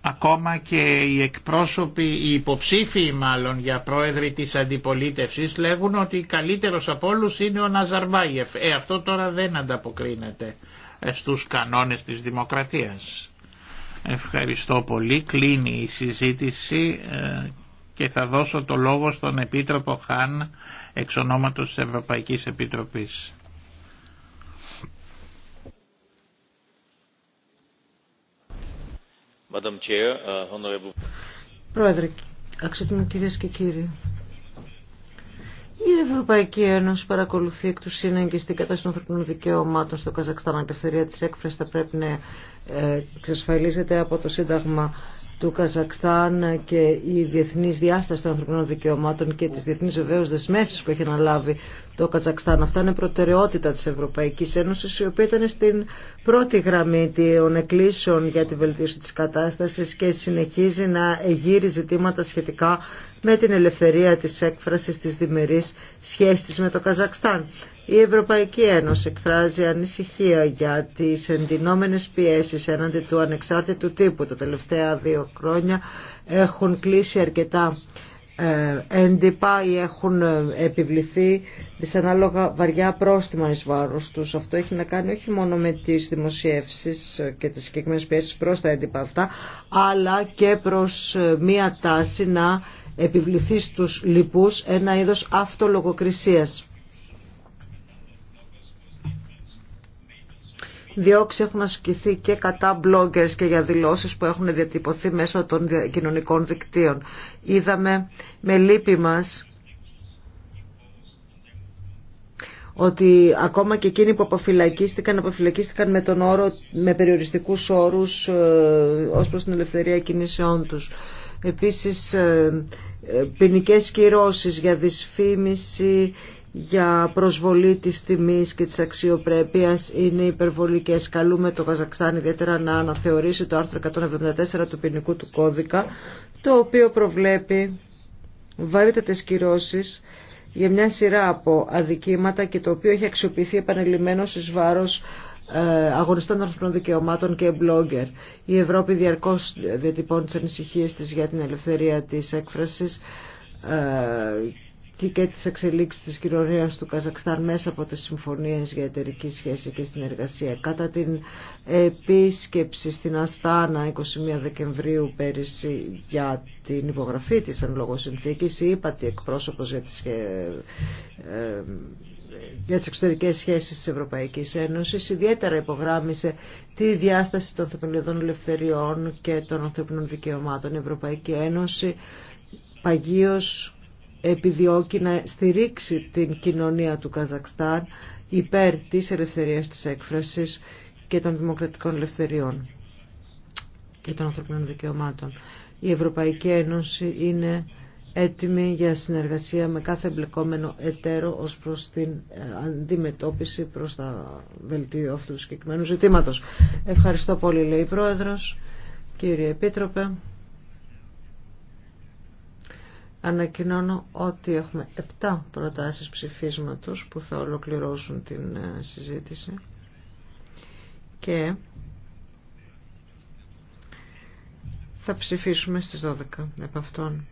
ακόμα και οι εκπρόσωποι, οι υποψήφοι μάλλον για πρόεδροι της αντιπολίτευσης λέγουν ότι καλύτερος από όλους είναι ο Ναζαρμπάγεφ. Ε, αυτό τώρα δεν ανταποκρίνεται ε, στους κανόνες της δημοκρατίας. Ευχαριστώ πολύ. Κλείνει η συζήτηση ε, και θα δώσω το λόγο στον Επίτροπο Χάν εξ ονόματος της Ευρωπαϊκής Επιτροπής. Uh, Πρόεδρε, αξιότιμοι κυρίες και κύριοι, η Ευρωπαϊκή Ένωση παρακολουθεί εκ του σύνεγγυ στην κατάσταση των ανθρωπίνων δικαιωμάτων στο Καζακστάν. Η ελευθερία της έκφραση θα πρέπει να ε, εξασφαλίζεται από το Σύνταγμα του Καζακστάν και η διεθνή διάσταση των ανθρωπινών δικαιωμάτων και τι διεθνεί βεβαίω δεσμεύσει που έχει αναλάβει το Καζακστάν. Αυτά είναι προτεραιότητα τη Ευρωπαϊκή Ένωση, η οποία ήταν στην πρώτη γραμμή των εκκλήσεων για τη βελτίωση τη κατάσταση και συνεχίζει να εγείρει ζητήματα σχετικά με την ελευθερία τη έκφραση τη διμερή σχέση με το Καζακστάν. Η Ευρωπαϊκή Ένωση εκφράζει ανησυχία για τις εντυνόμενες πιέσεις έναντι του ανεξάρτητου τύπου. Τα τελευταία δύο χρόνια έχουν κλείσει αρκετά ε, έντυπα ή έχουν ε, επιβληθεί δυσανάλογα βαριά πρόστιμα εις τους. Αυτό έχει να κάνει όχι μόνο με τις δημοσιεύσεις και τις συγκεκριμένες πιέσεις προς τα έντυπα αυτά, αλλά και προς ε, μία τάση να επιβληθεί στους λοιπούς ένα είδος αυτολογοκρισίας. διώξει έχουν ασκηθεί και κατά bloggers και για δηλώσεις που έχουν διατυπωθεί μέσω των κοινωνικών δικτύων. Είδαμε με λύπη μας ότι ακόμα και εκείνοι που αποφυλακίστηκαν, αποφυλακίστηκαν με τον όρο, με περιοριστικούς όρους ε, ως προς την ελευθερία κινήσεών τους. Επίσης, ε, ε ποινικέ κυρώσεις για δυσφήμιση, για προσβολή της τιμής και της αξιοπρέπειας είναι υπερβολικές. Καλούμε το Καζακστάν ιδιαίτερα να αναθεωρήσει το άρθρο 174 του ποινικού του κώδικα, το οποίο προβλέπει βαρύτατες κυρώσεις για μια σειρά από αδικήματα και το οποίο έχει αξιοποιηθεί επανελειμμένως εις βάρος ε, αγωνιστών ανθρωπινών δικαιωμάτων και μπλόγκερ. Η Ευρώπη διαρκώς διατυπώνει τις ανησυχίες της για την ελευθερία της έκφρασης ε, και, και τις εξελίξεις της κοινωνίας του Καζακστάν μέσα από τις συμφωνίες για εταιρική σχέση και συνεργασία. Κατά την επίσκεψη στην Αστάνα 21 Δεκεμβρίου πέρυσι για την υπογραφή της εν λόγω συνθήκης, η ύπατη εκπρόσωπος για τις, ε, για τις εξωτερικές σχέσεις της Ευρωπαϊκής Ένωσης ιδιαίτερα υπογράμμισε τη διάσταση των θεμελιωδών ελευθεριών και των ανθρωπινών δικαιωμάτων. Η Ευρωπαϊκή Ένωση παγίως επιδιώκει να στηρίξει την κοινωνία του Καζακστάν υπέρ της ελευθερίας της έκφρασης και των δημοκρατικών ελευθεριών και των ανθρωπινών δικαιωμάτων. Η Ευρωπαϊκή Ένωση είναι έτοιμη για συνεργασία με κάθε εμπλεκόμενο εταίρο ως προς την ε, αντιμετώπιση προς τα βελτίω αυτού του συγκεκριμένου ζητήματος. Ευχαριστώ πολύ λέει η Πρόεδρος, κύριε Επίτροπε. Ανακοινώνω ότι έχουμε 7 προτάσεις ψηφίσματος που θα ολοκληρώσουν την ε, συζήτηση και θα ψηφίσουμε στις 12 επ' αυτών.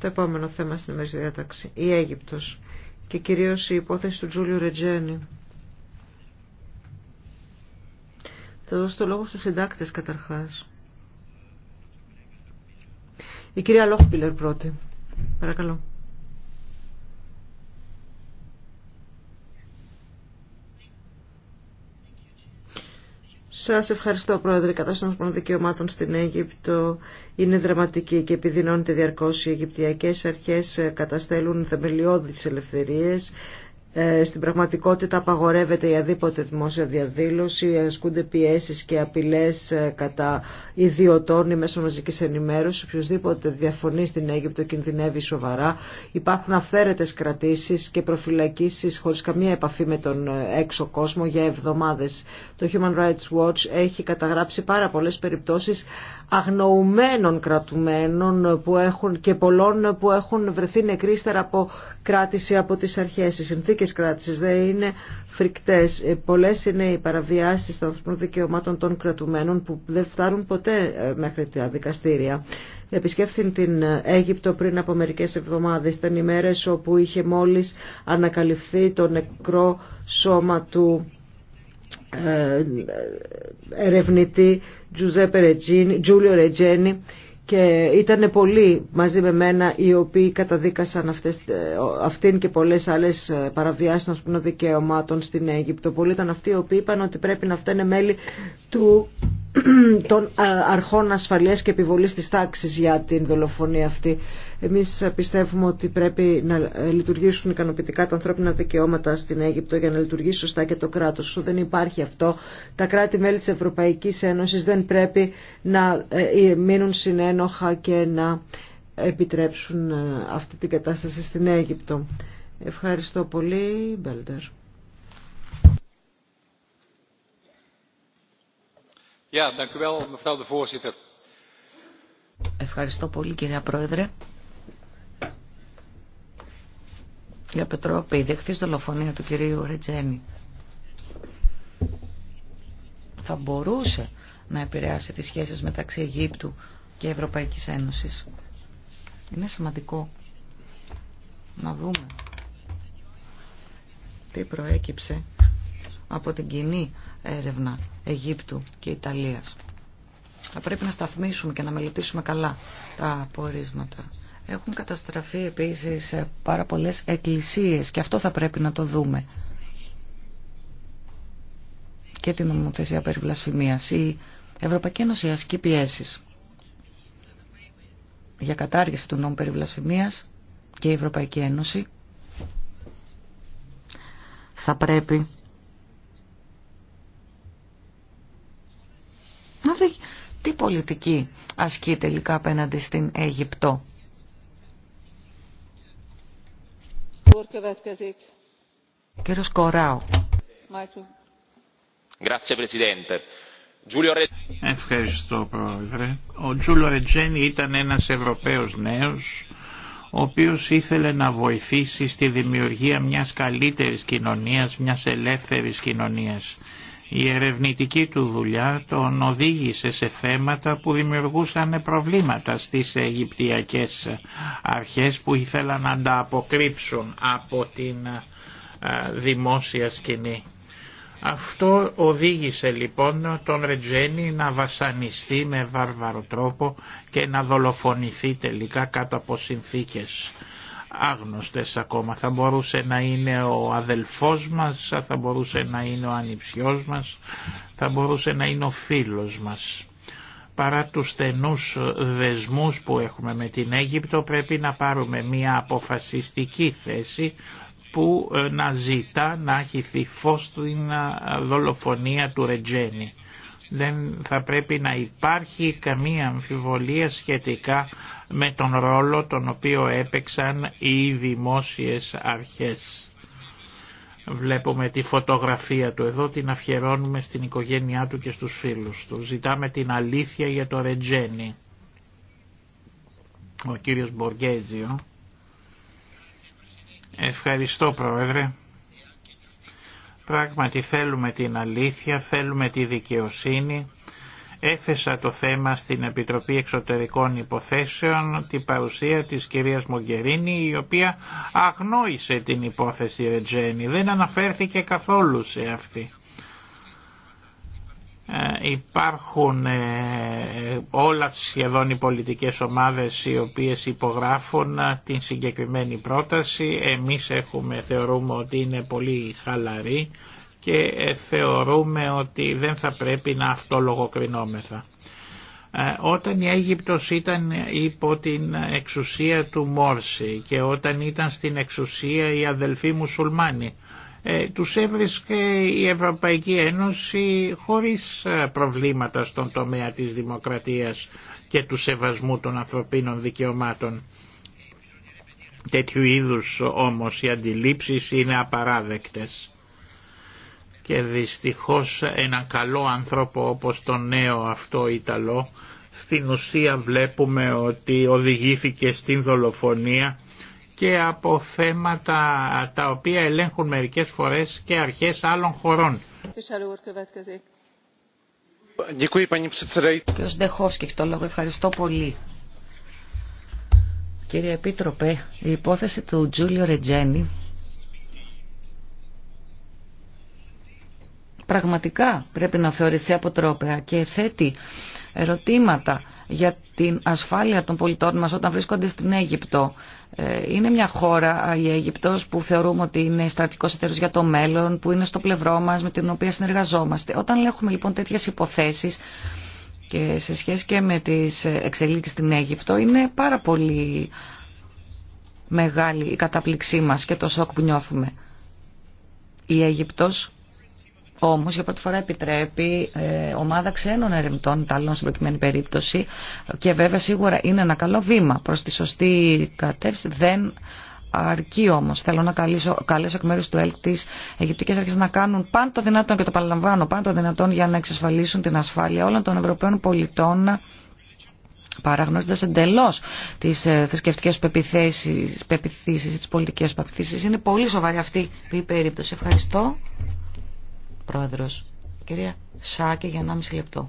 Το επόμενο θέμα στην μέση διάταξη, η Αίγυπτος και κυρίως η υπόθεση του Τζούλιου Ρετζένη. Θα δώσω το λόγο στους συντάκτες καταρχάς. Η κυρία Λόχπιλερ πρώτη. Παρακαλώ. Σας ευχαριστώ Πρόεδρε. Η κατάσταση των δικαιωμάτων στην Αίγυπτο είναι δραματική και επιδεινώνεται διαρκώς. Οι Αιγυπτιακές αρχές καταστέλουν θεμελιώδεις ελευθερίες, ε, στην πραγματικότητα απαγορεύεται η αδίποτε δημόσια διαδήλωση, ασκούνται πιέσεις και απειλές ε, κατά ιδιωτών ή μέσω μαζικής ενημέρωσης. Οποιοςδήποτε διαφωνεί στην Αίγυπτο κινδυνεύει σοβαρά. Υπάρχουν αυθαίρετες κρατήσεις και προφυλακίσεις χωρίς καμία επαφή με τον ε, έξω κόσμο για εβδομάδες. Το Human Rights Watch έχει καταγράψει πάρα πολλές περιπτώσεις αγνοουμένων κρατουμένων που έχουν, και πολλών που έχουν βρεθεί νεκρύστερα από κράτηση από τις αρχές κράτησης δεν είναι φρικτές. Ε, πολλές είναι οι παραβιάσεις των ανθρωπινών δικαιωμάτων των κρατουμένων που δεν φτάνουν ποτέ ε, μέχρι τα δικαστήρια. Επισκέφθην την ε, Αίγυπτο πριν από μερικές εβδομάδες. Ήταν οι όπου είχε μόλις ανακαλυφθεί το νεκρό σώμα του ερευνητή Τζούλιο Ρετζένη και ήταν πολλοί μαζί με μένα οι οποίοι καταδίκασαν αυτές, ε, αυτήν και πολλές άλλες ε, παραβιάσεις των δικαιωμάτων στην Αίγυπτο. Πολλοί ήταν αυτοί οι οποίοι είπαν ότι πρέπει να φταίνε μέλη του των ε, αρχών ασφαλείας και επιβολής της τάξης για την δολοφονία αυτή. Εμείς πιστεύουμε ότι πρέπει να ε, λειτουργήσουν ικανοποιητικά τα ανθρώπινα δικαιώματα στην Αίγυπτο για να λειτουργήσει σωστά και το κράτος. δεν υπάρχει αυτό, τα κράτη-μέλη της Ευρωπαϊκής Ένωσης δεν πρέπει να ε, μείνουν συνένοχα και να επιτρέψουν αυτή την κατάσταση στην Αίγυπτο. Ευχαριστώ πολύ, Μπέλτερ. Ευχαριστώ πολύ κυρία Πρόεδρε. Κυρία Πετρόπη, το δολοφονία του κυρίου Ρετζένη θα μπορούσε να επηρεάσει τις σχέσεις μεταξύ Αιγύπτου και Ευρωπαϊκής Ένωσης. Είναι σημαντικό να δούμε τι προέκυψε από την κοινή έρευνα Αιγύπτου και Ιταλίας. Θα πρέπει να σταθμίσουμε και να μελετήσουμε καλά τα πορίσματα. Έχουν καταστραφεί επίσης πάρα πολλές εκκλησίες και αυτό θα πρέπει να το δούμε. Και την νομοθεσία περί Η Ευρωπαϊκή Ένωση ασκεί πιέσεις για κατάργηση του νόμου περί και η Ευρωπαϊκή Ένωση θα πρέπει Τι πολιτική ασκεί τελικά απέναντι στην Αίγυπτο. Κοράου. Ευχαριστώ πρόεδρε. Ο Τζούλο Ρετζένι ήταν ένας Ευρωπαίος νέος ο οποίος ήθελε να βοηθήσει στη δημιουργία μιας καλύτερης κοινωνίας, μιας ελεύθερης κοινωνίας. Η ερευνητική του δουλειά τον οδήγησε σε θέματα που δημιουργούσαν προβλήματα στις Αιγυπτιακές αρχές που ήθελαν να τα αποκρύψουν από την ε, δημόσια σκηνή. Αυτό οδήγησε λοιπόν τον Ρετζένι να βασανιστεί με βάρβαρο τρόπο και να δολοφονηθεί τελικά κάτω από συνθήκες άγνωστες ακόμα. Θα μπορούσε να είναι ο αδελφός μας, θα μπορούσε να είναι ο ανιψιός μας, θα μπορούσε να είναι ο φίλος μας. Παρά τους στενούς δεσμούς που έχουμε με την Αίγυπτο πρέπει να πάρουμε μια αποφασιστική θέση που ε, να ζητά να έχει φως στην ε, δολοφονία του Ρετζένη δεν θα πρέπει να υπάρχει καμία αμφιβολία σχετικά με τον ρόλο τον οποίο έπαιξαν οι δημόσιες αρχές. Βλέπουμε τη φωτογραφία του εδώ, την αφιερώνουμε στην οικογένειά του και στους φίλους του. Ζητάμε την αλήθεια για το Ρετζένι. Ο κύριος Μποργέζιο. Ευχαριστώ Πρόεδρε. Πράγματι θέλουμε την αλήθεια, θέλουμε τη δικαιοσύνη. Έθεσα το θέμα στην Επιτροπή Εξωτερικών Υποθέσεων την παρουσία της κυρίας Μογκερίνη η οποία αγνόησε την υπόθεση Ρετζένη. Δεν αναφέρθηκε καθόλου σε αυτή. Ε, υπάρχουν ε, όλα σχεδόν οι πολιτικές ομάδες οι οποίες υπογράφουν ε, την συγκεκριμένη πρόταση. Εμείς έχουμε, θεωρούμε ότι είναι πολύ χαλαρή και θεωρούμε ότι δεν θα πρέπει να αυτολογοκρινόμεθα. Όταν η Αίγυπτος ήταν υπό την εξουσία του Μόρση και όταν ήταν στην εξουσία οι αδελφοί μουσουλμάνοι ε, τους έβρισκε η Ευρωπαϊκή Ένωση χωρίς ε, προβλήματα στον τομέα της δημοκρατίας και του σεβασμού των ανθρωπίνων δικαιωμάτων. Τέτοιου είδους όμως οι αντιλήψεις είναι απαράδεκτες και δυστυχώς ένα καλό άνθρωπο όπως τον νέο αυτό Ιταλό στην ουσία βλέπουμε ότι οδηγήθηκε στην δολοφονία και από θέματα τα οποία ελέγχουν μερικές φορές και αρχές άλλων χωρών. Κύριος Ντεχόσκη, το λόγο. Ευχαριστώ πολύ. Κύριε Επίτροπε, η υπόθεση του Τζούλιο Ρετζένι πραγματικά πρέπει να θεωρηθεί αποτρόπαια και θέτει ερωτήματα για την ασφάλεια των πολιτών μας όταν βρίσκονται στην Αίγυπτο. Ε, είναι μια χώρα, η Αίγυπτος, που θεωρούμε ότι είναι στρατικός εταίρος για το μέλλον, που είναι στο πλευρό μας, με την οποία συνεργαζόμαστε. Όταν έχουμε λοιπόν τέτοιες υποθέσεις, και σε σχέση και με τις εξελίξεις στην Αίγυπτο είναι πάρα πολύ μεγάλη η καταπληξή μας και το σοκ που νιώθουμε. Η Αίγυπτος Όμω, για πρώτη φορά επιτρέπει ε, ομάδα ξένων ερευνητών Ιταλών στην προκειμένη περίπτωση και βέβαια σίγουρα είναι ένα καλό βήμα προ τη σωστή κατεύθυνση. Δεν αρκεί όμω. Θέλω να καλέσω, καλέσω εκ μέρου του ΕΛΚ τη Αιγυπτικέ Αρχέ να κάνουν πάντα το δυνατόν και το παραλαμβάνω πάντα το δυνατόν για να εξασφαλίσουν την ασφάλεια όλων των Ευρωπαίων πολιτών παραγνώριζοντας εντελώς τις ε, θρησκευτικέ πεπιθήσεις, πεπιθήσεις, τι πολιτικές πεπιθήσεις. Είναι πολύ σοβαρή αυτή η περίπτωση. Ευχαριστώ. Πρόεδρος. Κυρία Σάκη για 1,5 λεπτό.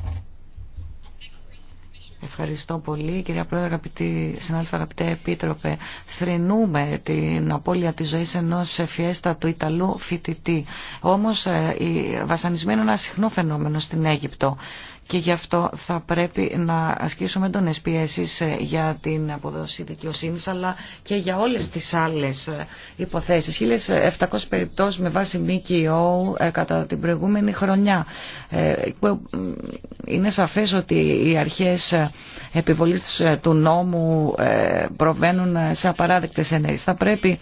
Ευχαριστώ πολύ. Κυρία Πρόεδρε, αγαπητή συνάδελφα, αγαπητέ Επίτροπε, θρυνούμε την απώλεια της ζωής ενός φιέστα του Ιταλού φοιτητή. Όμως ε, η βασανισμή είναι ένα συχνό φαινόμενο στην Αίγυπτο και γι' αυτό θα πρέπει να ασκήσουμε τον πιέσει ε, για την αποδοσή δικαιοσύνη αλλά και για όλες τις άλλες ε, υποθέσεις. 1.700 περιπτώσεις με βάση ΜΚΟ ε, κατά την προηγούμενη χρονιά. Είναι σαφές ότι οι αρχές επιβολής του νόμου προβαίνουν σε απαράδεκτες ενέργειες. Θα πρέπει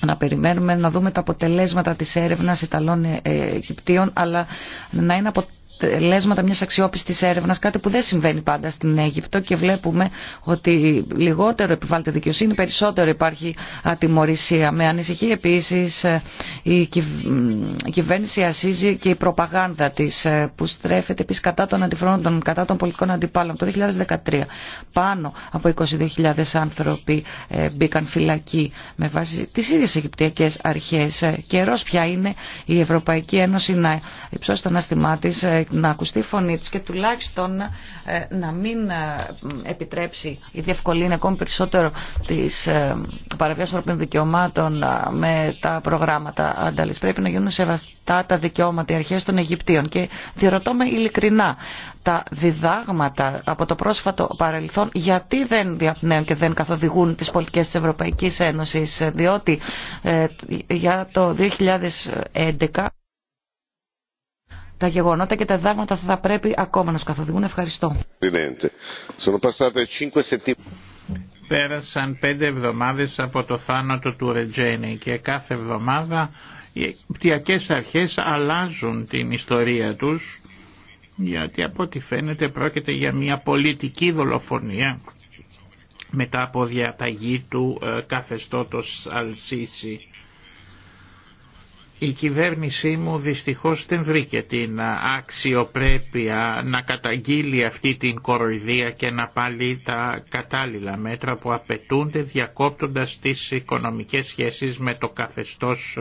να περιμένουμε να δούμε τα αποτελέσματα της έρευνας Ιταλών Αιγυπτίων αλλά να είναι αποτελέσματα αποτελέσματα μιας αξιόπιστης έρευνας, κάτι που δεν συμβαίνει πάντα στην Αίγυπτο και βλέπουμε ότι λιγότερο επιβάλλεται δικαιοσύνη, περισσότερο υπάρχει ατιμορρησία. Με ανησυχεί επίσης ε, η κυβέρνηση Ασίζη και η προπαγάνδα της ε, που στρέφεται επίσης κατά των αντιφρόντων, κατά των πολιτικών αντιπάλων. Το 2013 πάνω από 22.000 άνθρωποι ε, μπήκαν φυλακοί με βάση τις ίδιες Αιγυπτιακές αρχές. Καιρός πια είναι η Ευρωπαϊκή Ένωση να υψώσει το αστημά της να ακουστεί η φωνή τους και τουλάχιστον ε, να μην ε, επιτρέψει ή διευκολύνει ακόμη περισσότερο τις ε, παραβιάσεις των δικαιωμάτων με τα προγράμματα ανταλής. Πρέπει να γίνουν σεβαστά τα δικαιώματα, οι αρχές των Αιγυπτίων και διερωτώ με ειλικρινά τα διδάγματα από το πρόσφατο παρελθόν γιατί δεν διαπνέουν και δεν καθοδηγούν τις πολιτικές της Ευρωπαϊκής Ένωσης διότι για το 2011 τα γεγονότα και τα δάγματα θα πρέπει ακόμα να σκαθοδηγούν. Ευχαριστώ. Πέρασαν πέντε εβδομάδες από το θάνατο του Ρετζένη και κάθε εβδομάδα οι πτιακές αρχές αλλάζουν την ιστορία τους γιατί από ό,τι φαίνεται πρόκειται για μια πολιτική δολοφονία μετά από διαταγή του ε, καθεστώτος Αλσίση η κυβέρνησή μου δυστυχώς δεν βρήκε την αξιοπρέπεια να καταγγείλει αυτή την κοροϊδία και να πάλι τα κατάλληλα μέτρα που απαιτούνται διακόπτοντας τις οικονομικές σχέσεις με το καθεστώς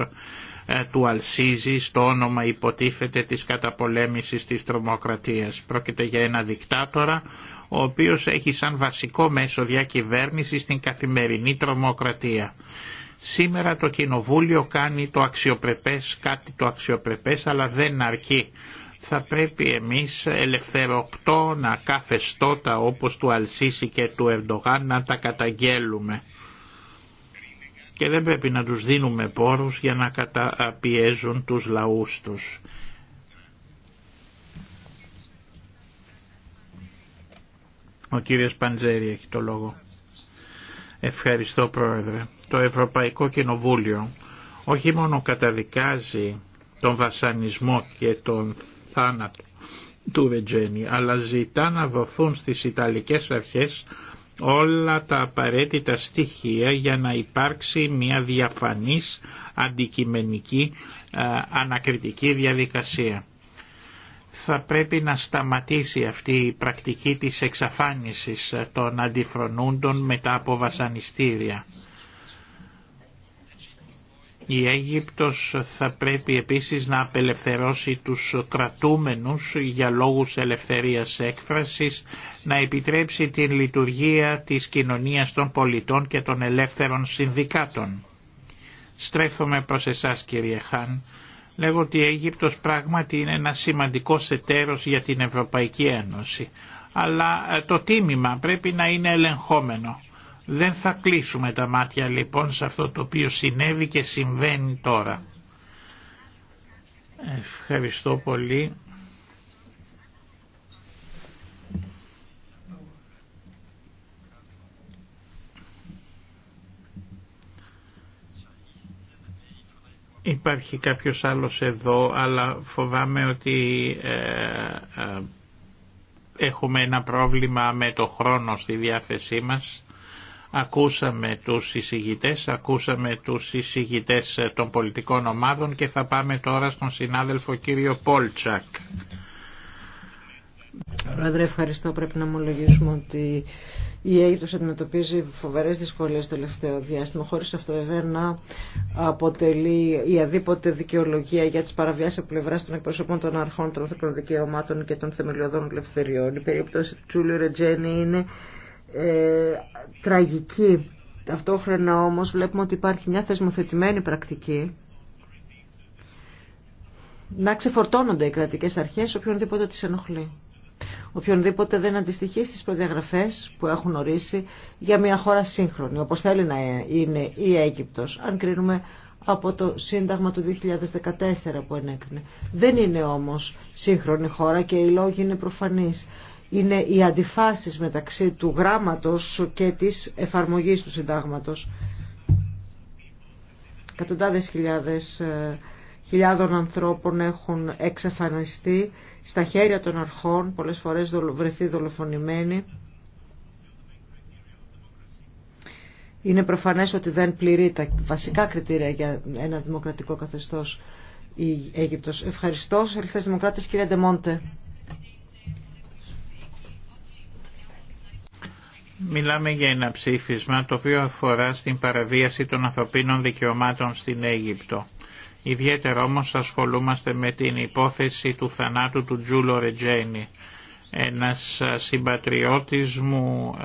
ε, του Αλσίζη στο όνομα υποτίθεται της καταπολέμησης της τρομοκρατίας. Πρόκειται για ένα δικτάτορα ο οποίος έχει σαν βασικό μέσο διακυβέρνηση στην καθημερινή τρομοκρατία. Σήμερα το Κοινοβούλιο κάνει το αξιοπρεπές, κάτι το αξιοπρεπές αλλά δεν αρκεί. Θα πρέπει εμείς ελευθεροκτώνα καθεστώτα όπως του Αλσίση και του Ερντογάν να τα καταγγέλουμε. Και δεν πρέπει να τους δίνουμε πόρους για να καταπιέζουν τους λαούς τους. Ο κύριος Παντζέρη έχει το λόγο. Ευχαριστώ πρόεδρε το Ευρωπαϊκό Κοινοβούλιο όχι μόνο καταδικάζει τον βασανισμό και τον θάνατο του Βεντζένη αλλά ζητά να δοθούν στις Ιταλικές αρχές όλα τα απαραίτητα στοιχεία για να υπάρξει μια διαφανής αντικειμενική ανακριτική διαδικασία. Θα πρέπει να σταματήσει αυτή η πρακτική της εξαφάνισης των αντιφρονούντων μετά από βασανιστήρια. Η Αίγυπτος θα πρέπει επίσης να απελευθερώσει τους κρατούμενους για λόγους ελευθερίας έκφρασης, να επιτρέψει την λειτουργία της κοινωνίας των πολιτών και των ελεύθερων συνδικάτων. Στρέφομαι προς εσάς κύριε Χάν. Λέγω ότι η Αίγυπτος πράγματι είναι ένα σημαντικό εταίρος για την Ευρωπαϊκή Ένωση. Αλλά το τίμημα πρέπει να είναι ελεγχόμενο δεν θα κλείσουμε τα μάτια λοιπόν σε αυτό το οποίο συνέβη και συμβαίνει τώρα. Ευχαριστώ πολύ. Υπάρχει κάποιος άλλος εδώ, αλλά φοβάμαι ότι ε, ε, έχουμε ένα πρόβλημα με το χρόνο στη διάθεσή μας. Ακούσαμε τους εισηγητές, ακούσαμε τους εισηγητές των πολιτικών ομάδων και θα πάμε τώρα στον συνάδελφο κύριο Πόλτσακ. Πρόεδρε, ευχαριστώ. Πρέπει να ομολογήσουμε ότι η Αίγυπτος αντιμετωπίζει φοβερές δυσκολίες το τελευταίο διάστημα, χωρίς αυτό βέβαια να αποτελεί η αδίποτε δικαιολογία για τις παραβιάσεις από πλευρά των εκπροσωπών των αρχών των ανθρωπίνων δικαιωμάτων και των θεμελιωδών ελευθεριών. Η περίπτωση του Τζούλιο Ρετζένη είναι ε, τραγική. Ταυτόχρονα όμως βλέπουμε ότι υπάρχει μια θεσμοθετημένη πρακτική να ξεφορτώνονται οι κρατικές αρχές οποιονδήποτε τις ενοχλεί. Οποιονδήποτε δεν αντιστοιχεί στις προδιαγραφές που έχουν ορίσει για μια χώρα σύγχρονη, όπως θέλει να είναι η Αίγυπτος, αν κρίνουμε από το Σύνταγμα του 2014 που ενέκρινε. Δεν είναι όμως σύγχρονη χώρα και οι λόγοι είναι προφανείς είναι οι αντιφάσεις μεταξύ του γράμματος και της εφαρμογής του συντάγματος. Κατοντάδες χιλιάδες ε, χιλιάδων ανθρώπων έχουν εξαφανιστεί στα χέρια των αρχών, πολλές φορές βρεθεί δολοφονημένοι. Είναι προφανές ότι δεν πληρεί τα βασικά κριτήρια για ένα δημοκρατικό καθεστώς η Αίγυπτος. Ευχαριστώ. Δημοκράτες, κύριε Ντεμόντε. Μιλάμε για ένα ψήφισμα το οποίο αφορά στην παραβίαση των ανθρωπίνων δικαιωμάτων στην Αίγυπτο. Ιδιαίτερα όμως ασχολούμαστε με την υπόθεση του θανάτου του Τζούλο Ρετζένι, ένας συμπατριώτης μου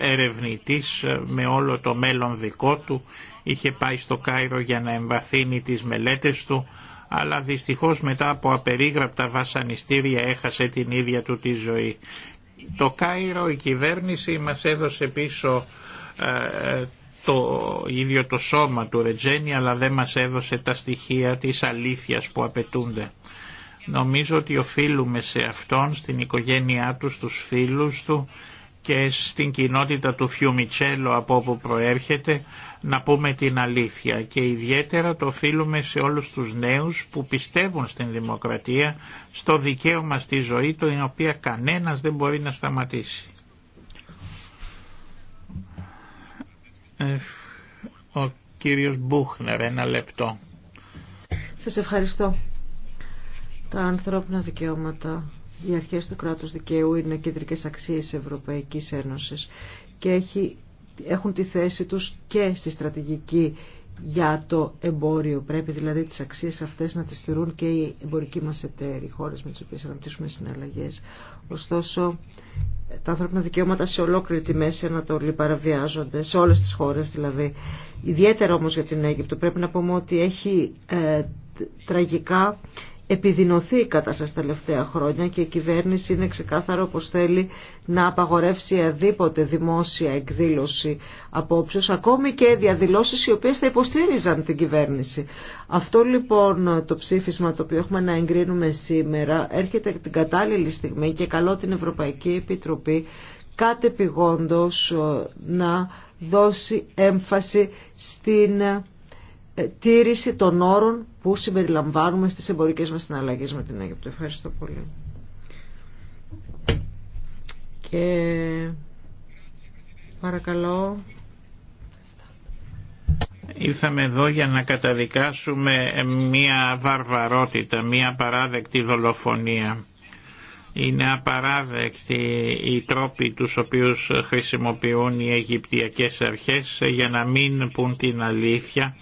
ε, ερευνητής ε, με όλο το μέλλον δικό του, είχε πάει στο Κάιρο για να εμβαθύνει τις μελέτες του, αλλά δυστυχώς μετά από απερίγραπτα βασανιστήρια έχασε την ίδια του τη ζωή το Κάιρο η κυβέρνηση μας έδωσε πίσω ε, το ίδιο το σώμα του Ρετζένι αλλά δεν μας έδωσε τα στοιχεία της αλήθειας που απαιτούνται. Νομίζω ότι οφείλουμε σε αυτόν, στην οικογένειά του, στους φίλους του, και στην κοινότητα του Φιουμιτσέλο από όπου προέρχεται να πούμε την αλήθεια και ιδιαίτερα το οφείλουμε σε όλους τους νέους που πιστεύουν στην δημοκρατία, στο δικαίωμα στη ζωή το οποία κανένας δεν μπορεί να σταματήσει. Ο κύριος Μπούχνερ, ένα λεπτό. Σας ευχαριστώ. Τα ανθρώπινα δικαιώματα οι αρχές του κράτους δικαίου είναι κεντρικές αξίες Ευρωπαϊκής Ένωσης και έχει, έχουν τη θέση τους και στη στρατηγική για το εμπόριο. Πρέπει δηλαδή τις αξίες αυτές να τις στηρούν και οι εμπορικοί μας εταίροι, οι χώρες με τις οποίες αναπτύσσουμε συναλλαγές. Ωστόσο, τα ανθρώπινα δικαιώματα σε ολόκληρη τη Μέση Ανατολή παραβιάζονται, σε όλες τις χώρες δηλαδή. Ιδιαίτερα όμως για την Αίγυπτο πρέπει να πούμε ότι έχει ε, τραγικά επιδεινωθεί η κατάσταση τα τελευταία χρόνια και η κυβέρνηση είναι ξεκάθαρο πως θέλει να απαγορεύσει αδίποτε δημόσια εκδήλωση απόψεως, ακόμη και διαδηλώσεις οι οποίες θα υποστήριζαν την κυβέρνηση. Αυτό λοιπόν το ψήφισμα το οποίο έχουμε να εγκρίνουμε σήμερα έρχεται την κατάλληλη στιγμή και καλό την Ευρωπαϊκή Επιτροπή κατεπηγόντως να δώσει έμφαση στην ε, τήρηση των όρων που συμπεριλαμβάνουμε στις εμπορικές μας συναλλαγές με την Αίγυπτο. Ευχαριστώ πολύ. Και παρακαλώ. Ήρθαμε εδώ για να καταδικάσουμε μία βαρβαρότητα, μία παράδεκτη δολοφονία. Είναι απαράδεκτοι οι τρόποι τους οποίους χρησιμοποιούν οι Αιγυπτιακές αρχές για να μην πουν την αλήθεια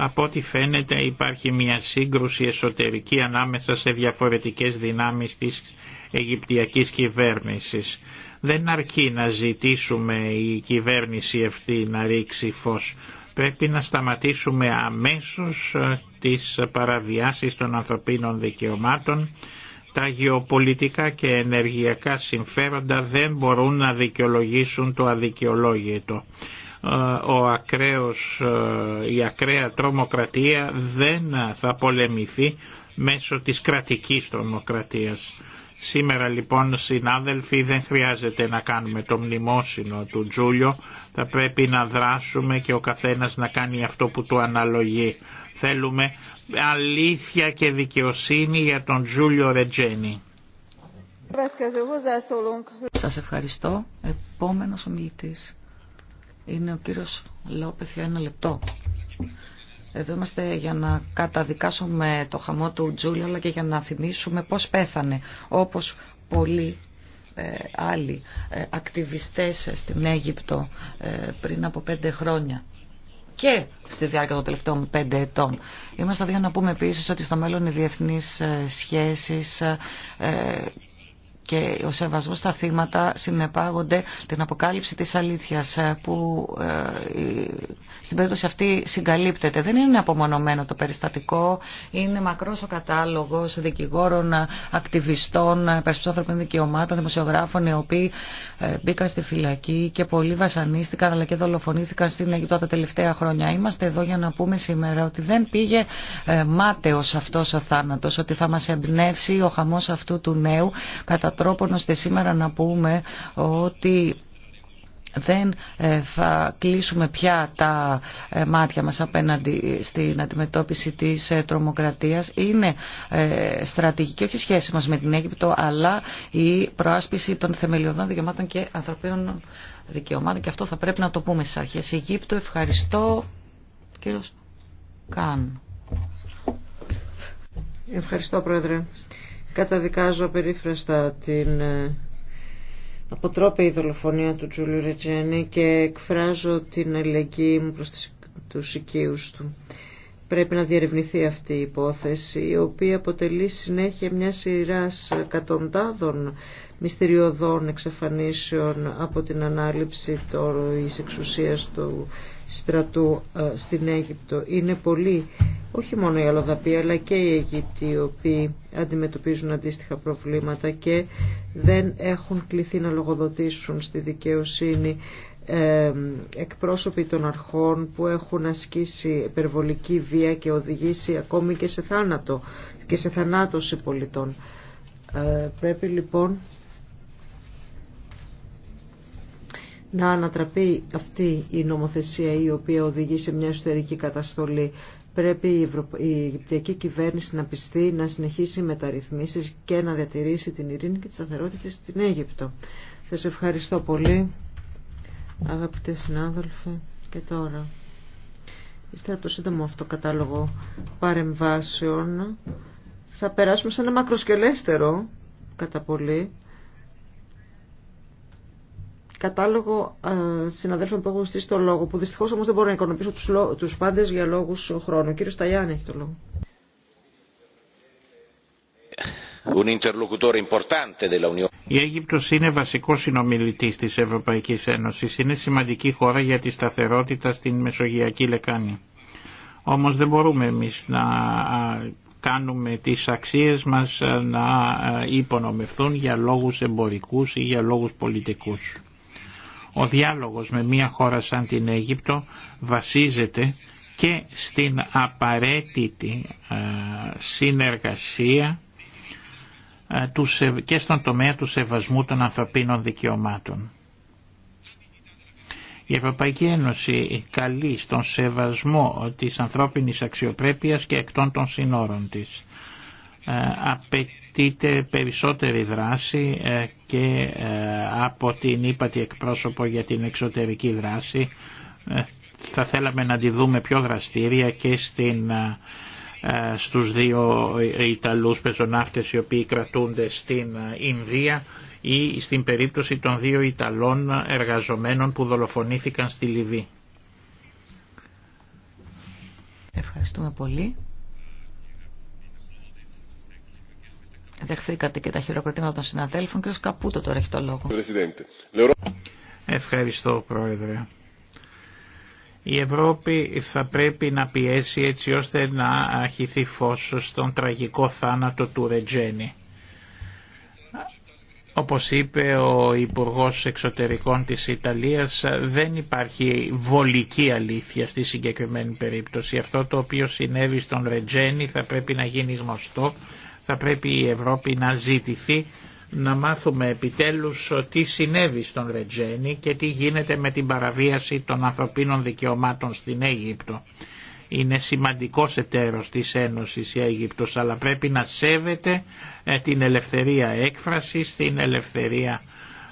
από ό,τι φαίνεται υπάρχει μια σύγκρουση εσωτερική ανάμεσα σε διαφορετικές δυνάμεις της Αιγυπτιακής κυβέρνησης. Δεν αρκεί να ζητήσουμε η κυβέρνηση αυτή να ρίξει φως. Πρέπει να σταματήσουμε αμέσως ε, τις παραβιάσεις των ανθρωπίνων δικαιωμάτων. Τα γεωπολιτικά και ενεργειακά συμφέροντα δεν μπορούν να δικαιολογήσουν το αδικαιολόγητο ο ακραίος, ε, η ακραία τρομοκρατία δεν θα πολεμηθεί μέσω της κρατικής τρομοκρατίας. Σήμερα λοιπόν συνάδελφοι δεν χρειάζεται να κάνουμε το μνημόσυνο του Τζούλιο, θα πρέπει να δράσουμε και ο καθένας να κάνει αυτό που του αναλογεί. Θέλουμε αλήθεια και δικαιοσύνη για τον Τζούλιο Ρετζένη. Σας ευχαριστώ. Επόμενος ομιλητής είναι ο κύριος Λόπεθ για ένα λεπτό. Εδώ είμαστε για να καταδικάσουμε το χαμό του Τζούλη αλλά και για να θυμίσουμε πώς πέθανε όπως πολλοί ε, άλλοι ε, ακτιβιστές στην Αίγυπτο ε, πριν από πέντε χρόνια και στη διάρκεια των τελευταίων πέντε ετών. Είμαστε δύο να πούμε επίση ότι στο μέλλον οι διεθνεί σχέσει και ο σεβασμός στα θύματα συνεπάγονται την αποκάλυψη της αλήθειας ε, που ε, στην περίπτωση αυτή συγκαλύπτεται. Δεν είναι απομονωμένο το περιστατικό, είναι μακρός ο κατάλογος δικηγόρων, ακτιβιστών, ανθρώπινων δικαιωμάτων, δημοσιογράφων οι οποίοι ε, μπήκαν στη φυλακή και πολλοί βασανίστηκαν αλλά και δολοφονήθηκαν στην Αιγυπτό τα τελευταία χρόνια. Είμαστε εδώ για να πούμε σήμερα ότι δεν πήγε μάταιος αυτός ο θάνατος, ότι θα μα εμπνεύσει ο χαμό αυτού του νέου κατά Τρόπον ώστε σήμερα να πούμε ότι δεν ε, θα κλείσουμε πια τα ε, μάτια μας απέναντι στην αντιμετώπιση της ε, τρομοκρατίας. Είναι στρατηγική όχι σχέση μας με την Αίγυπτο, αλλά η προάσπιση των θεμελιωδών δικαιωμάτων και ανθρωπίνων δικαιωμάτων. Και αυτό θα πρέπει να το πούμε στις αρχές. Αιγύπτο, ευχαριστώ. Κύριος Καν. Ευχαριστώ, Πρόεδρε. Καταδικάζω περίφραστα την ε, αποτρόπαιη δολοφονία του Τζούλιου Ρετζένη και εκφράζω την αλληλεγγύη μου προς τους οικείους του. Πρέπει να διερευνηθεί αυτή η υπόθεση, η οποία αποτελεί συνέχεια μια σειρά εκατοντάδων μυστηριωδών εξαφανίσεων από την ανάληψη της εξουσίας του στρατού ε, στην Αίγυπτο. Είναι πολύ όχι μόνο οι Αλοδαποί, αλλά και οι Αιγύπτιοι, οι οποίοι αντιμετωπίζουν αντίστοιχα προβλήματα και δεν έχουν κληθεί να λογοδοτήσουν στη δικαιοσύνη ε, εκπρόσωποι των αρχών που έχουν ασκήσει υπερβολική βία και οδηγήσει ακόμη και σε θάνατο και σε θανάτωση πολιτών. Ε, πρέπει λοιπόν να ανατραπεί αυτή η νομοθεσία η οποία οδηγεί σε μια εσωτερική καταστολή. Πρέπει η, Ευρω... η Αιγυπτιακή κυβέρνηση να πιστεί να συνεχίσει μεταρρυθμίσεις και να διατηρήσει την ειρήνη και τη σταθερότητα στην Αίγυπτο. Σας ευχαριστώ πολύ αγαπητέ συνάδελφοι και τώρα. Ύστερα από το σύντομο αυτό κατάλογο παρεμβάσεων θα περάσουμε σε ένα μακροσκελέστερο κατά πολύ κατάλογο ε, συναδέλφων που έχουν στήσει το λόγο, που δυστυχώ όμω δεν μπορώ να οικονομήσω του πάντε για λόγου χρόνου. Κύριο Σταγιάννη έχει το λόγο. Η Αίγυπτος είναι βασικός συνομιλητής της Ευρωπαϊκής Ένωσης. Είναι σημαντική χώρα για τη σταθερότητα στην Μεσογειακή Λεκάνη. Όμως δεν μπορούμε εμείς να κάνουμε τις αξίες μας να υπονομευθούν για λόγους εμπορικούς ή για λόγους πολιτικούς. Ο διάλογος με μια χώρα σαν την Αίγυπτο βασίζεται και στην απαραίτητη ε, συνεργασία ε, και στον τομέα του σεβασμού των ανθρωπίνων δικαιωμάτων. Η Ευρωπαϊκή Ένωση καλεί στον σεβασμό της ανθρώπινης αξιοπρέπειας και εκτών των συνόρων της. Ε, απαιτείται περισσότερη δράση ε, και ε, από την ύπατη εκπρόσωπο για την εξωτερική δράση. Θα θέλαμε να τη δούμε πιο δραστήρια και στην, στους δύο Ιταλούς πεζοναύτες οι οποίοι κρατούνται στην Ινδία ή στην περίπτωση των δύο Ιταλών εργαζομένων που δολοφονήθηκαν στη Λιβύη. Ευχαριστούμε πολύ. Δεχθήκατε και τα χειροκροτήματα των συναδέλφων. Κύριος Καπούτο τώρα έχει το λόγο. Ευχαριστώ Πρόεδρε. Η Ευρώπη θα πρέπει να πιέσει έτσι ώστε να αρχιθεί φως στον τραγικό θάνατο του Ρετζένη. Όπως είπε ο Υπουργός Εξωτερικών της Ιταλίας δεν υπάρχει βολική αλήθεια στη συγκεκριμένη περίπτωση. Αυτό το οποίο συνέβη στον Ρετζένη θα πρέπει να γίνει γνωστό θα πρέπει η Ευρώπη να ζητηθεί να μάθουμε επιτέλους τι συνέβη στον Ρετζένη και τι γίνεται με την παραβίαση των ανθρωπίνων δικαιωμάτων στην Αίγυπτο. Είναι σημαντικός εταίρος της Ένωσης η Αίγυπτος αλλά πρέπει να σέβεται ε, την ελευθερία έκφρασης, την ελευθερία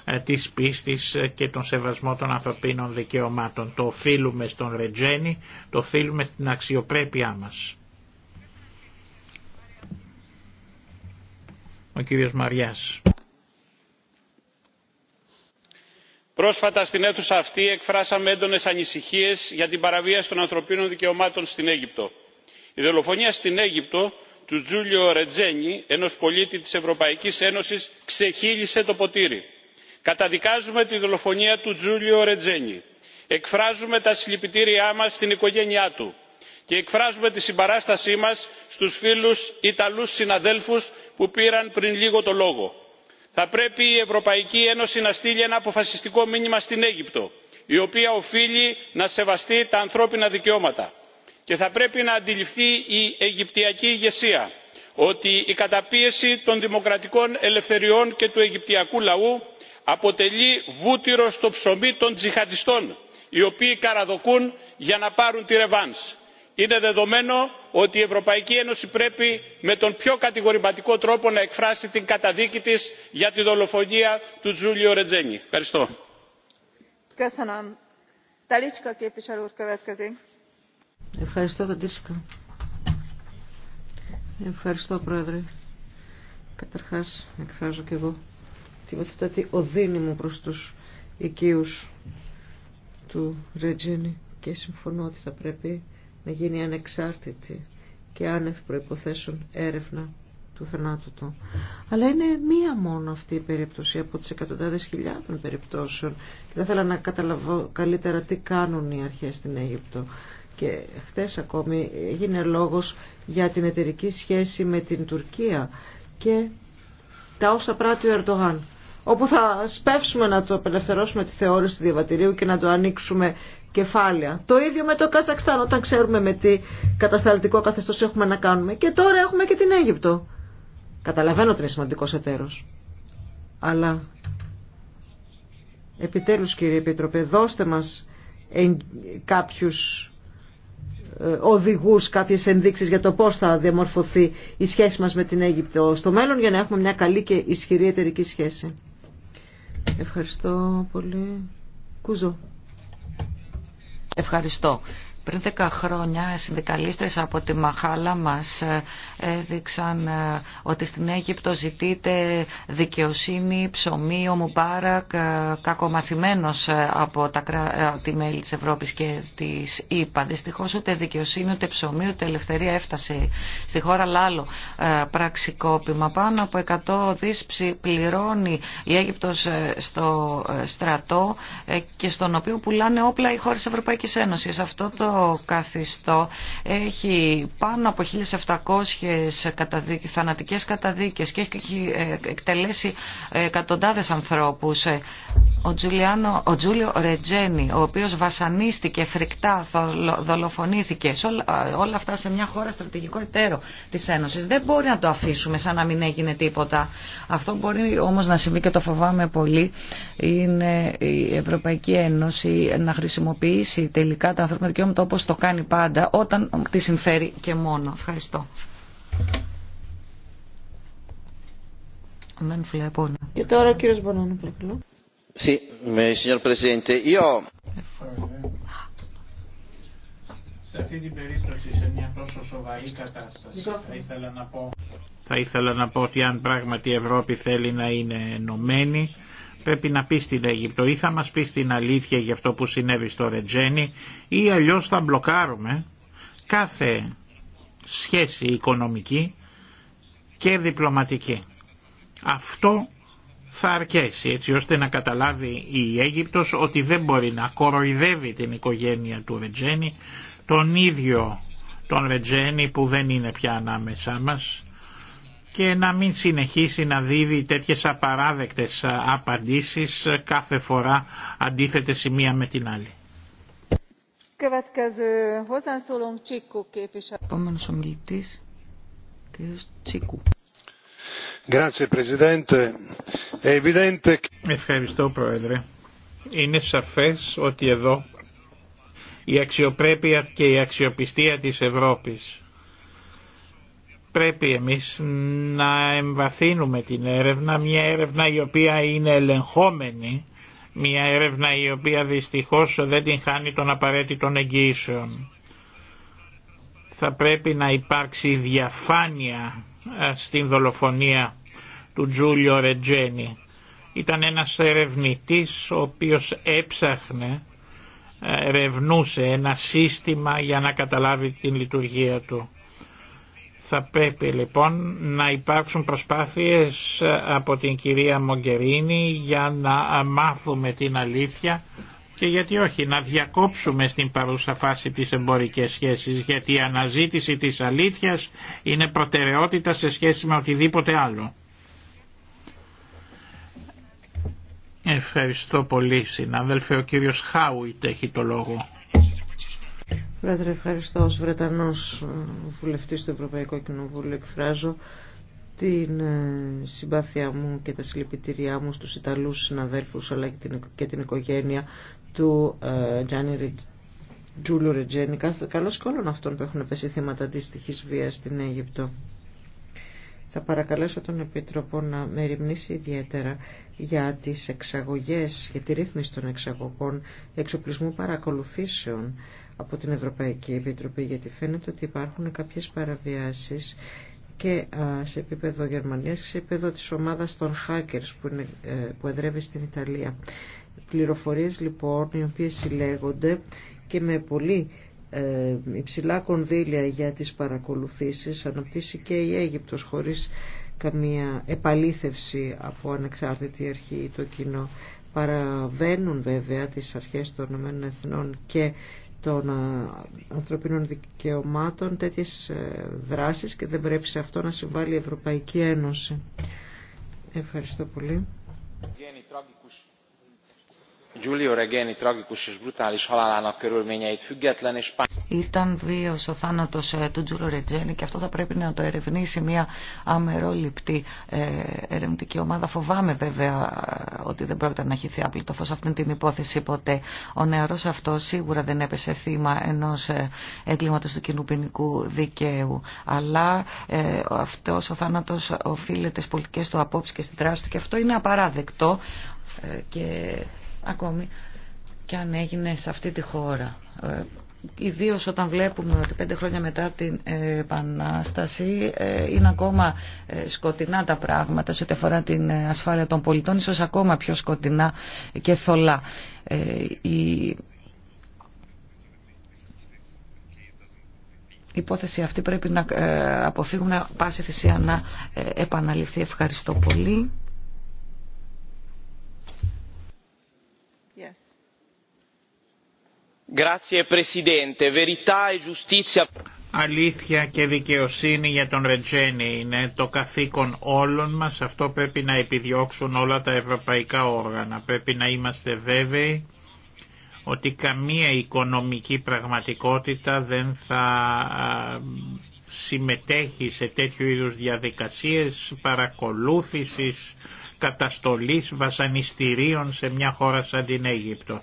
ε, της πίστης και τον σεβασμό των ανθρωπίνων δικαιωμάτων. Το οφείλουμε στον Ρετζένη, το οφείλουμε στην αξιοπρέπειά μας. Ο κύριος Πρόσφατα στην αίθουσα αυτή εκφράσαμε έντονες ανησυχίες για την παραβίαση των ανθρωπίνων δικαιωμάτων στην Αίγυπτο. Η δολοφονία στην Αίγυπτο του Τζούλιο Ρετζένι, ενός πολίτη της Ευρωπαϊκής Ένωσης, ξεχύλισε το ποτήρι. Καταδικάζουμε τη δολοφονία του Τζούλιο Ρετζένι. Εκφράζουμε τα συλληπιτήριά μας στην οικογένειά του και εκφράζουμε τη συμπαράστασή μας στους φίλους ιταλούς συναδέλφους που πήραν πριν λίγο το λόγο. θα πρέπει η ευρωπαϊκή ένωση να στείλει ένα αποφασιστικό μήνυμα στην αίγυπτο η οποία οφείλει να σεβαστεί τα ανθρώπινα δικαιώματα και θα πρέπει να αντιληφθεί η αιγυπτιακή ηγεσία ότι η καταπίεση των δημοκρατικών ελευθεριών και του αιγυπτιακού λαού αποτελεί βούτυρο στο ψωμί των τζιχαντιστών οι οποίοι καραδοκούν για να πάρουν τη ρεβάνς είναι δεδομένο ότι η ευρωπαϊκή ένωση πρέπει με τον πιο κατηγορηματικό τρόπο να εκφράσει την καταδίκη της για τη δολοφονία του τζούλιο ρετζένι. ευχαριστώ. Ευχαριστώ, Πρόεδρε. Καταρχάς εκφράζω και εγώ τη βαθύτατη οδύνη μου προς τους οικείους του Ρετζένι και συμφωνώ ότι θα πρέπει να γίνει ανεξάρτητη και άνευ προϋποθέσεων έρευνα του θανάτου του. Αλλά είναι μία μόνο αυτή η περίπτωση από τις εκατοντάδες χιλιάδων περιπτώσεων και θα ήθελα να καταλαβώ καλύτερα τι κάνουν οι αρχές στην Αίγυπτο. Και χτες ακόμη έγινε λόγος για την εταιρική σχέση με την Τουρκία και τα όσα πράττει ο Ερντογάν όπου θα σπεύσουμε να το απελευθερώσουμε τη θεώρηση του διαβατηρίου και να το ανοίξουμε κεφάλαια. Το ίδιο με το Καζακστάν, όταν ξέρουμε με τι κατασταλτικό καθεστώ έχουμε να κάνουμε. Και τώρα έχουμε και την Αίγυπτο. Καταλαβαίνω ότι είναι σημαντικό εταίρο. Αλλά επιτέλους κύριε Επίτροπε, δώστε μας κάποιους ε, οδηγούς, κάποιες ενδείξεις για το πώς θα διαμορφωθεί η σχέση μας με την Αίγυπτο στο μέλλον για να έχουμε μια καλή και ισχυρή εταιρική σχέση. Ευχαριστώ πολύ. Κούζο. Ευχαριστώ. Πριν 10 χρόνια συνδικαλίστρες από τη Μαχάλα μας ε, έδειξαν ε, ότι στην Αίγυπτο ζητείται δικαιοσύνη, ψωμί, ο Μουμπάρακ, ε, κακομαθημένος από τα τη μέλη της Ευρώπης και της ΕΠΑ. Δυστυχώς ούτε δικαιοσύνη, ούτε ψωμί, ούτε ελευθερία έφτασε στη χώρα, αλλά άλλο πραξικόπημα. Πάνω από 100 δις πληρώνει η Αίγυπτος στο στρατό και στον οποίο πουλάνε όπλα οι χώρες της Ευρωπαϊκής Ένωσης. Αυτό το καθιστό έχει πάνω από 1.700 καταδίκες, θανατικές καταδίκες και έχει ε, εκτελέσει ε, εκατοντάδες ανθρώπους. Ε, ο, Τζουλιάνο, ο Τζούλιο Ρετζένι, ο οποίος βασανίστηκε φρικτά, δολοφονήθηκε όλα, όλα αυτά σε μια χώρα στρατηγικό εταίρο της Ένωσης. Δεν μπορεί να το αφήσουμε σαν να μην έγινε τίποτα. Αυτό μπορεί όμως να συμβεί και το φοβάμαι πολύ είναι η Ευρωπαϊκή Ένωση να χρησιμοποιήσει τελικά τα ανθρώπινα δικαιώματα όπως το κάνει πάντα όταν τη συμφέρει και μόνο. Ευχαριστώ. Δεν βλέπω. Ναι. Και τώρα ο κύριος Μπονάνο, παρακαλώ. Sì, signor Presidente, io... Σε αυτή Θα ήθελα να πω ότι αν πράγματι η Ευρώπη θέλει να είναι ενωμένη, πρέπει να πει στην Αίγυπτο ή θα μας πει την αλήθεια για αυτό που συνέβη στο Ρετζένι ή αλλιώς θα μπλοκάρουμε κάθε σχέση οικονομική και διπλωματική. Αυτό θα αρκέσει έτσι ώστε να καταλάβει η Αίγυπτος ότι δεν μπορεί να κοροϊδεύει την οικογένεια του Ρετζένι, τον ίδιο τον Ρετζένι που δεν είναι πια ανάμεσά μας και να μην συνεχίσει να δίδει τέτοιες απαράδεκτες απαντήσεις κάθε φορά αντίθετες η μία με την άλλη. Ευχαριστώ Πρόεδρε. Είναι σαφές ότι εδώ η αξιοπρέπεια και η αξιοπιστία της Ευρώπης πρέπει εμείς να εμβαθύνουμε την έρευνα, μια έρευνα η οποία είναι ελεγχόμενη, μια έρευνα η οποία δυστυχώς δεν την χάνει των απαραίτητων εγγύησεων. Θα πρέπει να υπάρξει διαφάνεια ε, στην δολοφονία του Τζούλιο Ρετζένι. Ήταν ένας ερευνητής ο οποίος έψαχνε, ε, ερευνούσε ένα σύστημα για να καταλάβει την λειτουργία του. Θα πρέπει λοιπόν να υπάρξουν προσπάθειες ε, από την κυρία Μογκερίνη για να ε, μάθουμε την αλήθεια και γιατί όχι να διακόψουμε στην παρούσα φάση τις εμπορικές σχέσεις γιατί η αναζήτηση της αλήθειας είναι προτεραιότητα σε σχέση με οτιδήποτε άλλο. Ευχαριστώ πολύ συνάδελφε. Ο κύριος Χάουιτ έχει το λόγο. Πρόεδρε, ευχαριστώ. Ως Βρετανός ε, βουλευτής του Ευρωπαϊκού Κοινοβούλου εκφράζω την ε, συμπάθειά μου και τα συλληπιτήριά μου στους Ιταλούς συναδέλφους αλλά και την οικογένεια του Τζάνι Τζούλου Ρετζένι. καλώς και όλων αυτών που έχουν πέσει θύματα αντίστοιχη βίας στην Αίγυπτο. Θα παρακαλέσω τον Επίτροπο να με ρημνήσει ιδιαίτερα για τις εξαγωγές, και τη ρύθμιση των εξαγωγών εξοπλισμού παρακολουθήσεων από την Ευρωπαϊκή Επιτροπή γιατί φαίνεται ότι υπάρχουν κάποιες παραβιάσεις και σε επίπεδο Γερμανίας και σε επίπεδο της ομάδας των hackers που, είναι, ε, που εδρεύει στην Ιταλία. Πληροφορίες λοιπόν οι οποίες συλλέγονται και με πολύ ε, υψηλά κονδύλια για τις παρακολουθήσεις αναπτύσσει και η Αίγυπτος χωρίς καμία επαλήθευση από ανεξάρτητη αρχή ή το κοινό. Παραβαίνουν βέβαια τις αρχές των Εθνών και των ε, ανθρωπίνων δικαιωμάτων τέτοιες ε, δράσεις και δεν πρέπει σε αυτό να συμβάλλει η Ευρωπαϊκή Ένωση. Ευχαριστώ πολύ. Giulio Regeni tragikus és brutális halálának körülményeit független és Ήταν βίαιος ο θάνατος ε, του Τζούλο Ρετζένη και αυτό θα πρέπει να το ερευνήσει μια αμερόληπτη ε, ερευνητική ομάδα. Φοβάμαι βέβαια ότι δεν πρόκειται να έχει άπλητο φως αυτήν την υπόθεση ποτέ. Ο νεαρός αυτό σίγουρα δεν έπεσε θύμα ενός ε, εγκλήματος του κοινού ποινικού δικαίου. Αλλά ε, αυτός ο θάνατος οφείλεται στις πολιτικές του απόψεις και στη δράση του και αυτό είναι απαράδεκτο και ακόμη και αν έγινε σε αυτή τη χώρα. Ε, Ιδίω όταν βλέπουμε ότι πέντε χρόνια μετά την Επανάσταση ε, είναι ακόμα ε, σκοτεινά τα πράγματα σε ό,τι αφορά την ασφάλεια των πολιτών, ίσως ακόμα πιο σκοτεινά και θολά. Η υπόθεση αυτή πρέπει να αποφύγουμε πάση θυσία να επαναληφθεί. Ευχαριστώ πολύ. E Αλήθεια και δικαιοσύνη για τον ρετζένι είναι το καθήκον όλων μας, αυτό πρέπει να επιδιώξουν όλα τα ευρωπαϊκά όργανα. Πρέπει να είμαστε βέβαιοι ότι καμία οικονομική πραγματικότητα δεν θα συμμετέχει σε τέτοιου είδους διαδικασίες παρακολούθησης, καταστολής βασανιστήριων σε μια χώρα σαν την Αίγυπτο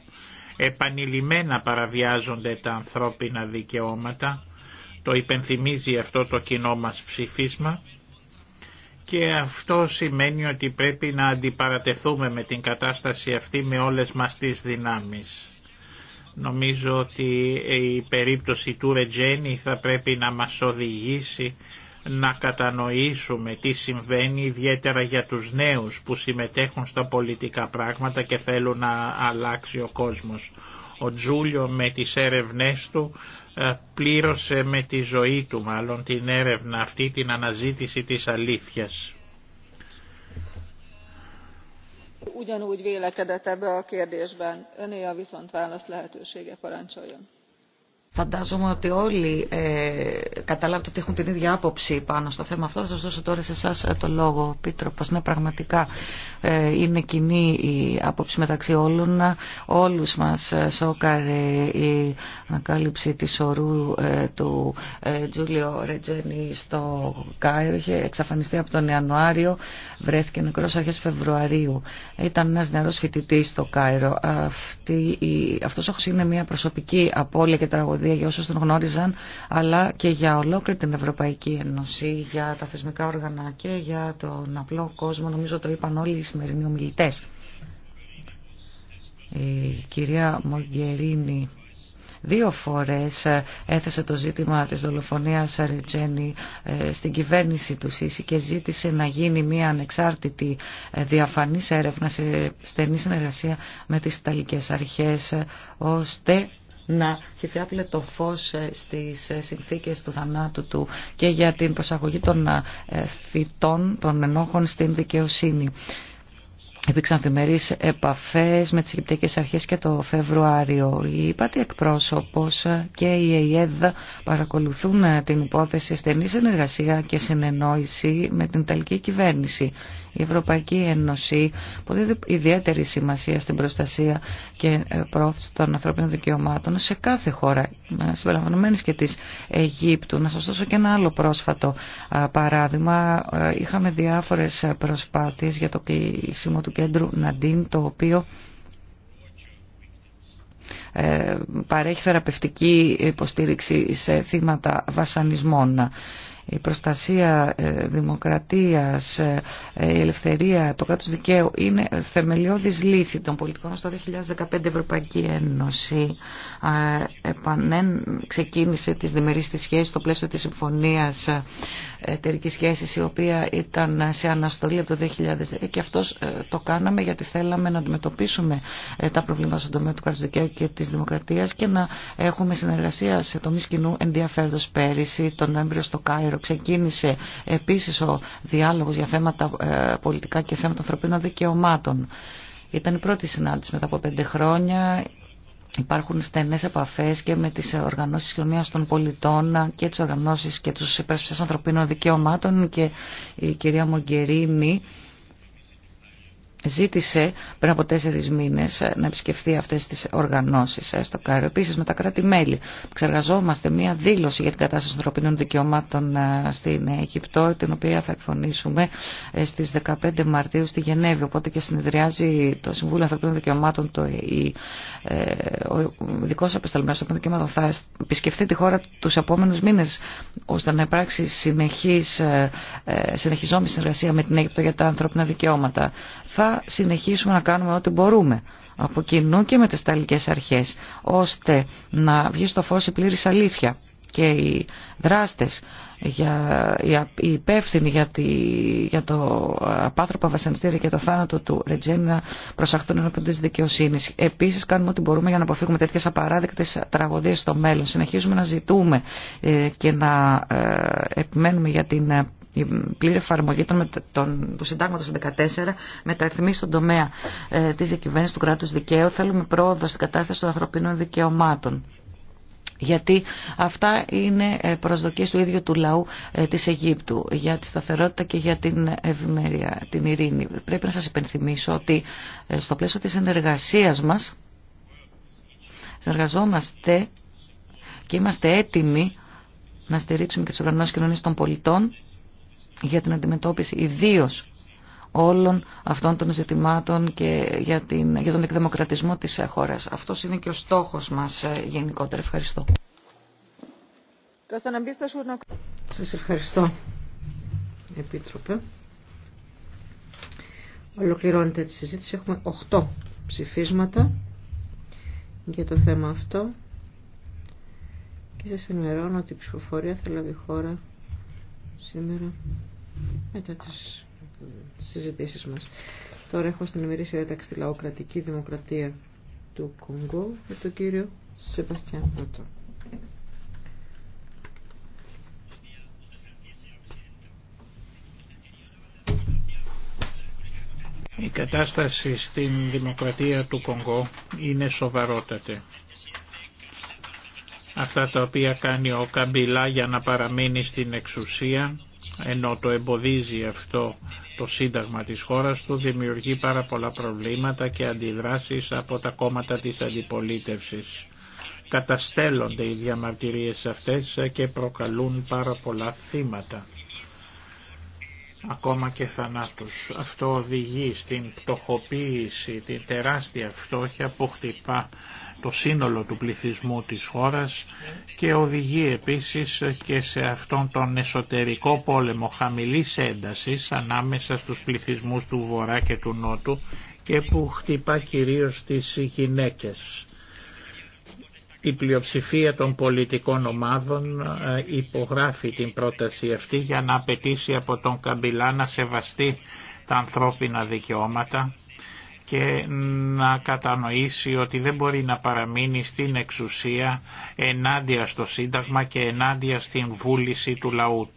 επανειλημμένα παραβιάζονται τα ανθρώπινα δικαιώματα, το υπενθυμίζει αυτό το κοινό μας ψηφίσμα και αυτό σημαίνει ότι πρέπει να αντιπαρατεθούμε με την κατάσταση αυτή με όλες μας τις δυνάμεις. Νομίζω ότι η περίπτωση του Ρετζένη θα πρέπει να μας οδηγήσει να κατανοήσουμε τι συμβαίνει ιδιαίτερα για τους νέους που συμμετέχουν στα πολιτικά πράγματα και θέλουν να αλλάξει ο κόσμος. Ο Τζούλιο με τις έρευνές του ε, πλήρωσε με τη ζωή του μάλλον την έρευνα αυτή, την αναζήτηση της αλήθειας. Ugyanúgy vélekedett ebbe a kérdésben. Önél a viszont lehetősége parancsoljon. Φαντάζομαι ότι όλοι ε, καταλάβετε ότι έχουν την ίδια άποψη πάνω στο θέμα αυτό. Θα σας δώσω τώρα σε εσά ε, το λόγο, πίτρο, πως Ναι, πραγματικά ε, είναι κοινή η άποψη μεταξύ όλων. Όλους μας ε, σόκαρε η ανακάλυψη της ορού του Τζούλιο Ρετζένι στο Κάιρο. Είχε εξαφανιστεί από τον Ιανουάριο, βρέθηκε νεκρός αρχές Φεβρουαρίου. Ήταν ένας νεαρός φοιτητής στο Κάιρο. Αυτή, η, αυτός όχος είναι μια προσωπική απώλεια και τραγωδία για όσους τον γνώριζαν, αλλά και για ολόκληρη την Ευρωπαϊκή Ένωση, για τα θεσμικά όργανα και για τον απλό κόσμο. Νομίζω το είπαν όλοι οι σημερινοί ομιλητέ. Η κυρία Μογκερίνη δύο φορές ε, έθεσε το ζήτημα της δολοφονίας Ρετζένη ε, στην κυβέρνηση του ΣΥΣΥ και ζήτησε να γίνει μια ανεξάρτητη ε, διαφανής έρευνα σε στενή συνεργασία με τις Ιταλικές αρχές ώστε να χειδιάπλε το φως ε, στις ε, συνθήκες του θανάτου του και για την προσαγωγή των ε, θητών, των ενόχων στην δικαιοσύνη. Υπήρξαν θεμερεί επαφέ με τι Αιγυπτιακέ αρχέ και το Φεβρουάριο. Η ΥΠΑΤΗ εκπρόσωπο και η ΕΕΔ παρακολουθούν ε, την υπόθεση στενή συνεργασία και συνεννόηση με την Ιταλική κυβέρνηση. Η Ευρωπαϊκή Ένωση που δίδει ιδιαίτερη σημασία στην προστασία και ε, πρόθεση των ανθρώπινων δικαιωμάτων σε κάθε χώρα, ε, συμπεριλαμβανομένη και τη Αιγύπτου. Να σα δώσω και ένα άλλο πρόσφατο παράδειγμα. Είχαμε διάφορε προσπάθειε για το κλείσιμο του κέντρου Ναντίν, το οποίο ε, παρέχει θεραπευτική υποστήριξη σε θύματα βασανισμών η προστασία ε, δημοκρατίας, ε, ε, η ελευθερία, το κράτος δικαίου είναι θεμελιώδης λύθη των πολιτικών στο 2015 Ευρωπαϊκή Ένωση επανέν ξεκίνησε τις διμερείς της σχέσεις στο πλαίσιο της συμφωνίας εταιρική σχέσης η οποία ήταν σε αναστολή από το 2010 και αυτός το κάναμε γιατί θέλαμε να αντιμετωπίσουμε τα προβλήματα στον τομέα του κράτους δικαίου και της δημοκρατίας και να έχουμε συνεργασία σε τομείς κοινού ενδιαφέροντος πέρυσι τον Νοέμβριο στο Κάιρο ξεκίνησε επίσης ο διάλογος για θέματα ε, πολιτικά και θέματα ανθρωπίνων δικαιωμάτων. Ήταν η πρώτη συνάντηση μετά από πέντε χρόνια. Υπάρχουν στενές επαφές και με τις οργανώσεις κοινωνίας των πολιτών και τις οργανώσεις και τους υπερασπιστές ανθρωπίνων δικαιωμάτων και η κυρία Μογκερίνη ζήτησε πριν από τέσσερι μήνε ε, να επισκεφθεί αυτέ τι οργανώσει ε, στο Κάιρο. Επίση, με τα κράτη-μέλη, ξεργαζόμαστε μία δήλωση για την κατάσταση των ανθρωπίνων δικαιωμάτων ε, στην Αιγυπτό, την οποία θα εκφωνήσουμε στι 15 Μαρτίου στη Γενέβη. Οπότε και συνεδριάζει το Συμβούλιο Ανθρωπίνων Δικαιωμάτων, το ΕΕ. ε, Ο ειδικό απεσταλμένο των δικαιωμάτων θα επισκεφθεί τη χώρα του επόμενου μήνε, ώστε να υπάρξει συνεχής, συνεχιζόμενη συνεργασία με την Αίγυπτο για τα ανθρώπινα δικαιώματα θα συνεχίσουμε να κάνουμε ό,τι μπορούμε από κοινού και με τις ταλικές αρχές, ώστε να βγει στο φως η πλήρης αλήθεια και οι δράστες, για, οι υπεύθυνοι για, για το απάνθρωπο βασανιστήριο και το θάνατο του Ρετζένι να προσαχθούν ενώπιον της δικαιοσύνης. Επίσης κάνουμε ό,τι μπορούμε για να αποφύγουμε τέτοιες απαράδεκτες τραγωδίες στο μέλλον. Συνεχίζουμε να ζητούμε ε, και να ε, επιμένουμε για την ε, η πλήρη εφαρμογή των, των, του συντάγματος του 2014 μεταρρυθμίσει στον τομέα ε, της διακυβέρνησης του κράτους δικαίου. Θέλουμε πρόοδο στην κατάσταση των ανθρωπίνων δικαιωμάτων γιατί αυτά είναι ε, προσδοκίες του ίδιου του λαού ε, της Αιγύπτου για τη σταθερότητα και για την ευημερία, την ειρήνη. Πρέπει να σας υπενθυμίσω ότι ε, στο πλαίσιο της συνεργασία μας συνεργαζόμαστε και είμαστε έτοιμοι να στηρίξουμε και τις οργανώσεις κοινωνίες των πολιτών για την αντιμετώπιση ιδίω όλων αυτών των ζητημάτων και για, την, για τον εκδημοκρατισμό της χώρας. Αυτός είναι και ο στόχος μας ε, γενικότερα. Ευχαριστώ. Σας ευχαριστώ, Επίτροπε. Ολοκληρώνεται τη συζήτηση. Έχουμε 8 ψηφίσματα για το θέμα αυτό και σας ενημερώνω ότι η ψηφοφορία θα λάβει χώρα σήμερα μετά τις συζητήσεις μα. Τώρα έχω στην ημερήσια ένταξη τη λαοκρατική δημοκρατία του Κονγκό με τον κύριο Σεβαστιαν Η κατάσταση στην δημοκρατία του Κονγκό είναι σοβαρότατη. Αυτά τα οποία κάνει ο Καμπιλά για να παραμείνει στην εξουσία ενώ το εμποδίζει αυτό το σύνταγμα της χώρας του δημιουργεί πάρα πολλά προβλήματα και αντιδράσεις από τα κόμματα της αντιπολίτευσης. Καταστέλλονται οι διαμαρτυρίες αυτές και προκαλούν πάρα πολλά θύματα ακόμα και θανάτους. Αυτό οδηγεί στην πτωχοποίηση, την τεράστια φτώχεια που χτυπά το σύνολο του πληθυσμού της χώρας και οδηγεί επίσης και σε αυτόν τον εσωτερικό πόλεμο χαμηλής έντασης ανάμεσα στους πληθυσμούς του Βορρά και του Νότου και που χτυπά κυρίως τις γυναίκες. Η πλειοψηφία των πολιτικών ομάδων ε, υπογράφει την πρόταση αυτή για να απαιτήσει από τον Καμπυλά να σεβαστεί τα ανθρώπινα δικαιώματα και να κατανοήσει ότι δεν μπορεί να παραμείνει στην εξουσία ενάντια στο Σύνταγμα και ενάντια στην βούληση του λαού.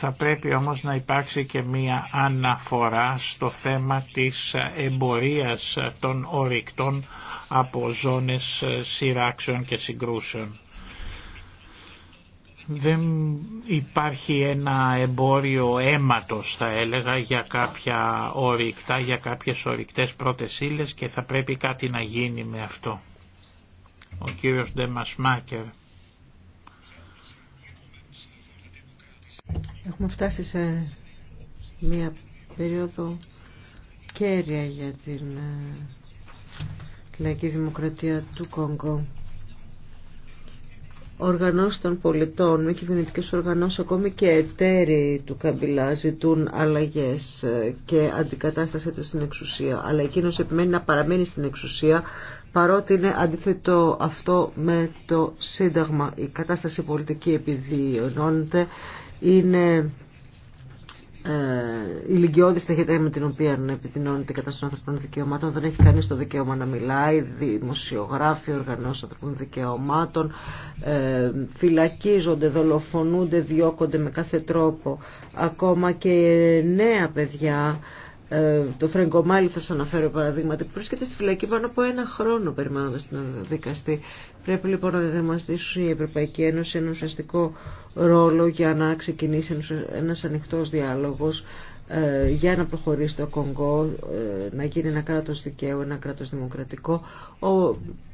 Θα πρέπει όμως να υπάρξει και μία αναφορά στο θέμα της εμπορίας των ορυκτών από ζώνες σειράξεων και συγκρούσεων δεν υπάρχει ένα εμπόριο αίματος θα έλεγα για κάποια ορυκτά, για κάποιες ορυκτές πρώτες και θα πρέπει κάτι να γίνει με αυτό. Ο κύριος Ντεμασμάκερ. Έχουμε φτάσει σε μία περίοδο κέρια για την ε, λαϊκή δημοκρατία του Κόγκο οργανώσει των πολιτών, μη κυβερνητικέ οργανώσει, ακόμη και εταίροι του Καμπυλά ζητούν αλλαγέ και αντικατάστασή του στην εξουσία. Αλλά εκείνο επιμένει να παραμένει στην εξουσία, παρότι είναι αντίθετο αυτό με το Σύνταγμα. Η κατάσταση πολιτική επιδεινώνεται. Είναι ε, η λυγκιώδη με την οποία επιδεινώνεται η κατάσταση των ανθρωπίνων δικαιωμάτων. Δεν έχει κανεί το δικαίωμα να μιλάει. Δημοσιογράφοι, οργανώσει ανθρωπίνων δικαιωμάτων ε, φυλακίζονται, δολοφονούνται, διώκονται με κάθε τρόπο. Ακόμα και νέα παιδιά ε, το Φρέγκο Μάλι θα σας αναφέρω παραδείγματα που βρίσκεται στη φυλακή πάνω από ένα χρόνο περιμένοντας την δικαστή. Πρέπει λοιπόν να διδεμαστήσει η Ευρωπαϊκή Ένωση ένα ουσιαστικό ρόλο για να ξεκινήσει ένας ανοιχτός διάλογος ε, για να προχωρήσει το Κονγκό, ε, να γίνει ένα κράτος δικαίου, ένα κράτος δημοκρατικό,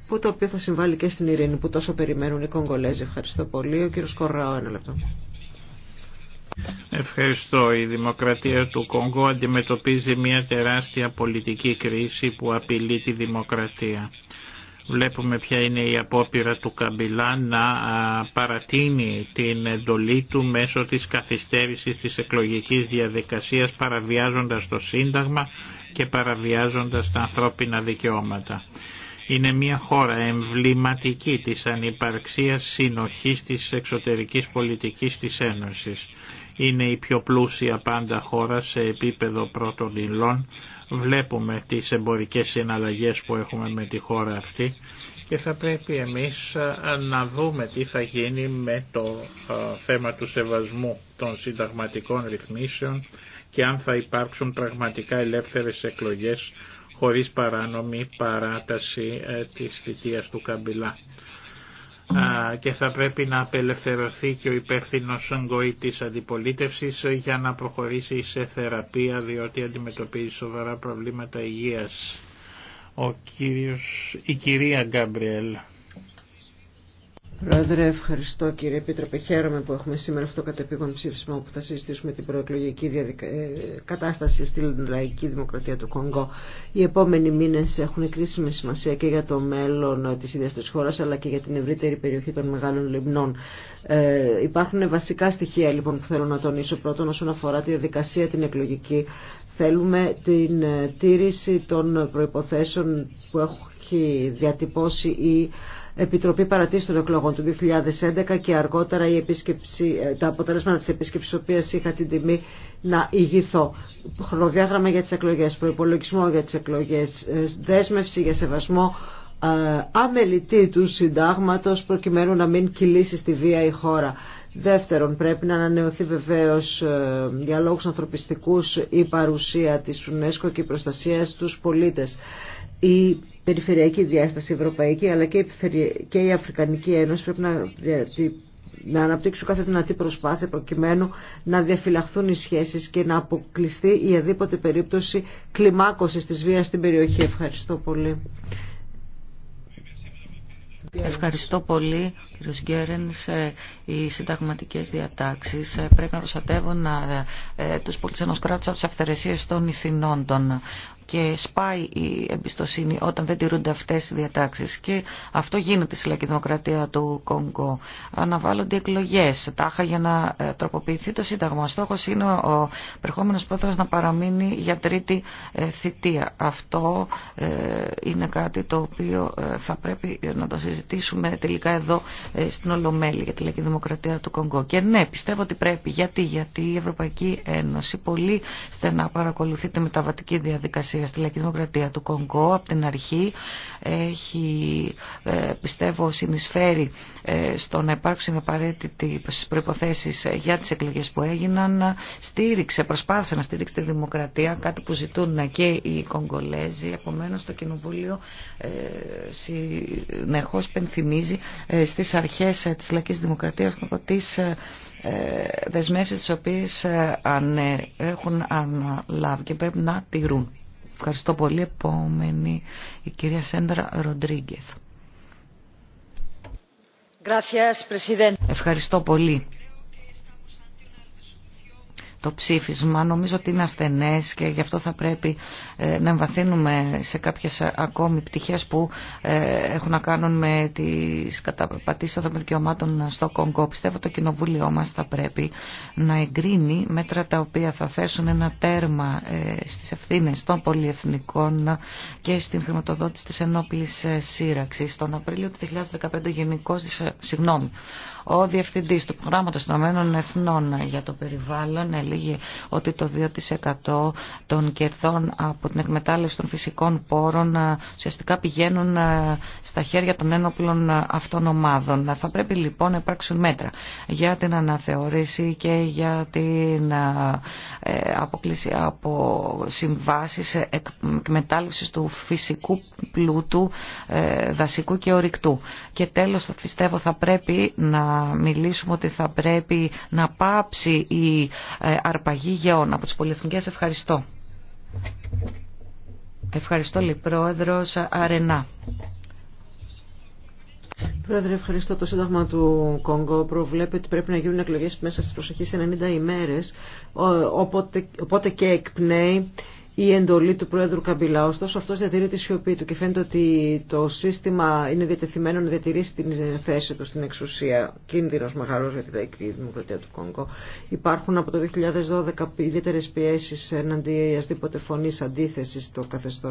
που το οποίο θα συμβάλλει και στην ειρήνη που τόσο περιμένουν οι Κονγκολέζοι. Ευχαριστώ πολύ. Ο κύριος Κοράου ένα λεπτό. Ευχαριστώ. Η δημοκρατία του Κόγκο αντιμετωπίζει μια τεράστια πολιτική κρίση που απειλεί τη δημοκρατία. Βλέπουμε ποια είναι η απόπειρα του Καμπιλά να παρατείνει την εντολή του μέσω της καθυστέρησης της εκλογικής διαδικασίας παραβιάζοντας το Σύνταγμα και παραβιάζοντας τα ανθρώπινα δικαιώματα. Είναι μια χώρα εμβληματική της ανυπαρξίας συνοχής της εξωτερικής πολιτικής της Ένωσης είναι η πιο πλούσια πάντα χώρα σε επίπεδο πρώτων υλών. Βλέπουμε τις εμπορικές συναλλαγές που έχουμε με τη χώρα αυτή και θα πρέπει εμείς να δούμε τι θα γίνει με το θέμα του σεβασμού των συνταγματικών ρυθμίσεων και αν θα υπάρξουν πραγματικά ελεύθερες εκλογές χωρίς παράνομη παράταση ε, της θητείας του Καμπυλά και θα πρέπει να απελευθερωθεί και ο υπεύθυνο γκοή αντιπολίτευσης για να προχωρήσει σε θεραπεία διότι αντιμετωπίζει σοβαρά προβλήματα υγείας. Ο κύριος, η κυρία Γκάμπριελ. Πρόεδρε, ευχαριστώ κύριε Επίτροπε. Χαίρομαι που έχουμε σήμερα αυτό το κατεπήγον ψήφισμα που θα συζητήσουμε την προεκλογική διαδικα... Ε, κατάσταση στη λαϊκή δημοκρατία του Κονγκό. Οι επόμενοι μήνε έχουν κρίσιμη σημασία και για το μέλλον τη ίδια τη χώρα αλλά και για την ευρύτερη περιοχή των μεγάλων λιμνών. Ε, υπάρχουν βασικά στοιχεία λοιπόν που θέλω να τονίσω. Πρώτον, όσον αφορά τη διαδικασία την εκλογική, θέλουμε την ε, τήρηση των προποθέσεων που έχει διατυπώσει η Επιτροπή Παρατήρηση των Εκλογών του 2011 και αργότερα η επίσκεψη, ε, τα αποτελέσματα της επίσκεψης, οποίας είχα την τιμή να ηγηθώ. Χρονοδιάγραμμα για τις εκλογές, προϋπολογισμό για τις εκλογές, ε, δέσμευση για σεβασμό ε, αμελητή του συντάγματος προκειμένου να μην κυλήσει στη βία η χώρα. Δεύτερον, πρέπει να ανανεωθεί βεβαίω για λόγου ανθρωπιστικούς η παρουσία τη UNESCO και η προστασία στου πολίτε η περιφερειακή διάσταση ευρωπαϊκή αλλά και η, και η Αφρικανική Ένωση πρέπει να, να αναπτύξουν κάθε δυνατή προσπάθεια προκειμένου να διαφυλαχθούν οι σχέσεις και να αποκλειστεί η αδίποτε περίπτωση κλιμάκωσης της βίας στην περιοχή. Ευχαριστώ πολύ. Ευχαριστώ πολύ, κύριο Γκέρεν. Ε, οι συνταγματικέ διατάξει ε, πρέπει να προστατεύουν ε, του πολίτε ενό κράτου από τι αυθαιρεσίε των ηθινών και σπάει η εμπιστοσύνη όταν δεν τηρούνται αυτές οι διατάξεις. Και αυτό γίνεται στη Λαϊκή Δημοκρατία του Κόγκο. Αναβάλλονται εκλογές τάχα για να ε, τροποποιηθεί το Σύνταγμα. Ο στόχος είναι ο περχόμενος πρόεδρος να παραμείνει για τρίτη ε, θητεία. Αυτό ε, είναι κάτι το οποίο θα πρέπει να το συζητήσουμε τελικά εδώ στην Ολομέλη για τη Λαϊκή Δημοκρατία του Κόγκο. Και ναι, πιστεύω ότι πρέπει. Γιατί, Γιατί η Ευρωπαϊκή Ένωση πολύ στενά παρακολουθεί τη μεταβατική διαδικασία για Στη Λαϊκή Δημοκρατία του Κονγκό από την αρχή έχει ε, πιστεύω συνεισφέρει ε, στο να υπάρξουν απαραίτητε προποθέσει για τις εκλογές που έγιναν. Στήριξε, προσπάθησε να στήριξει τη δημοκρατία, κάτι που ζητούν και οι Κονγκολέζοι. Επομένω, το Κοινοβούλιο ε, συνεχώ πενθυμίζει στις αρχές της Λαϊκής Δημοκρατίας τι δεσμεύσει τι οποίε έχουν αναλάβει και πρέπει να τηρούν. Ευχαριστώ πολύ. Επόμενη η κυρία Σέντρα Ροντρίγκεθ. Ευχαριστώ πολύ το ψήφισμα. Νομίζω ότι είναι ασθενές και γι' αυτό θα πρέπει ε, να εμβαθύνουμε σε κάποιες ακόμη πτυχές που ε, έχουν να κάνουν με τις καταπατήσεις των δικαιωμάτων στο Κονγκό. Πιστεύω το κοινοβούλιο μας θα πρέπει να εγκρίνει μέτρα τα οποία θα θέσουν ένα τέρμα ε, στις ευθύνε των πολιεθνικών και στην χρηματοδότηση της ενόπλης σύραξης. Τον Απρίλιο του 2015 γενικός, συγγνώμη, ο Διευθυντής του Προγράμματος των Εθνών για το Περιβάλλον, έλεγε ότι το 2% των κερδών από την εκμετάλλευση των φυσικών πόρων ε, ουσιαστικά πηγαίνουν ε, στα χέρια των ένοπλων ε, αυτών ομάδων. Θα πρέπει λοιπόν να υπάρξουν μέτρα για την αναθεώρηση και για την αποκλήση από συμβάσεις εκμετάλλευσης του φυσικού πλούτου δασικού και ορυκτού. Και τέλος πιστεύω θα πρέπει να μιλήσουμε ότι θα πρέπει να πάψει η αρπαγή γεών από τις πολυεθνικές. Ευχαριστώ. Ευχαριστώ, πρόεδρος Αρενά. Πρόεδρε, ευχαριστώ. Το Σύνταγμα του Κονγκό προβλέπει ότι πρέπει να γίνουν εκλογέ μέσα στι προσεχεί 90 ημέρε, οπότε και εκπνέει η εντολή του Πρόεδρου Καμπυλά. Ωστόσο, αυτό διατηρεί τη σιωπή του και φαίνεται ότι το σύστημα είναι διατεθειμένο να διατηρήσει την θέση του στην εξουσία. Κίνδυνο μεγάλο για τη δημοκρατία του Κόγκο. Υπάρχουν από το 2012 ιδιαίτερε πιέσει εναντίον τίποτε φωνή αντίθεση στο καθεστώ.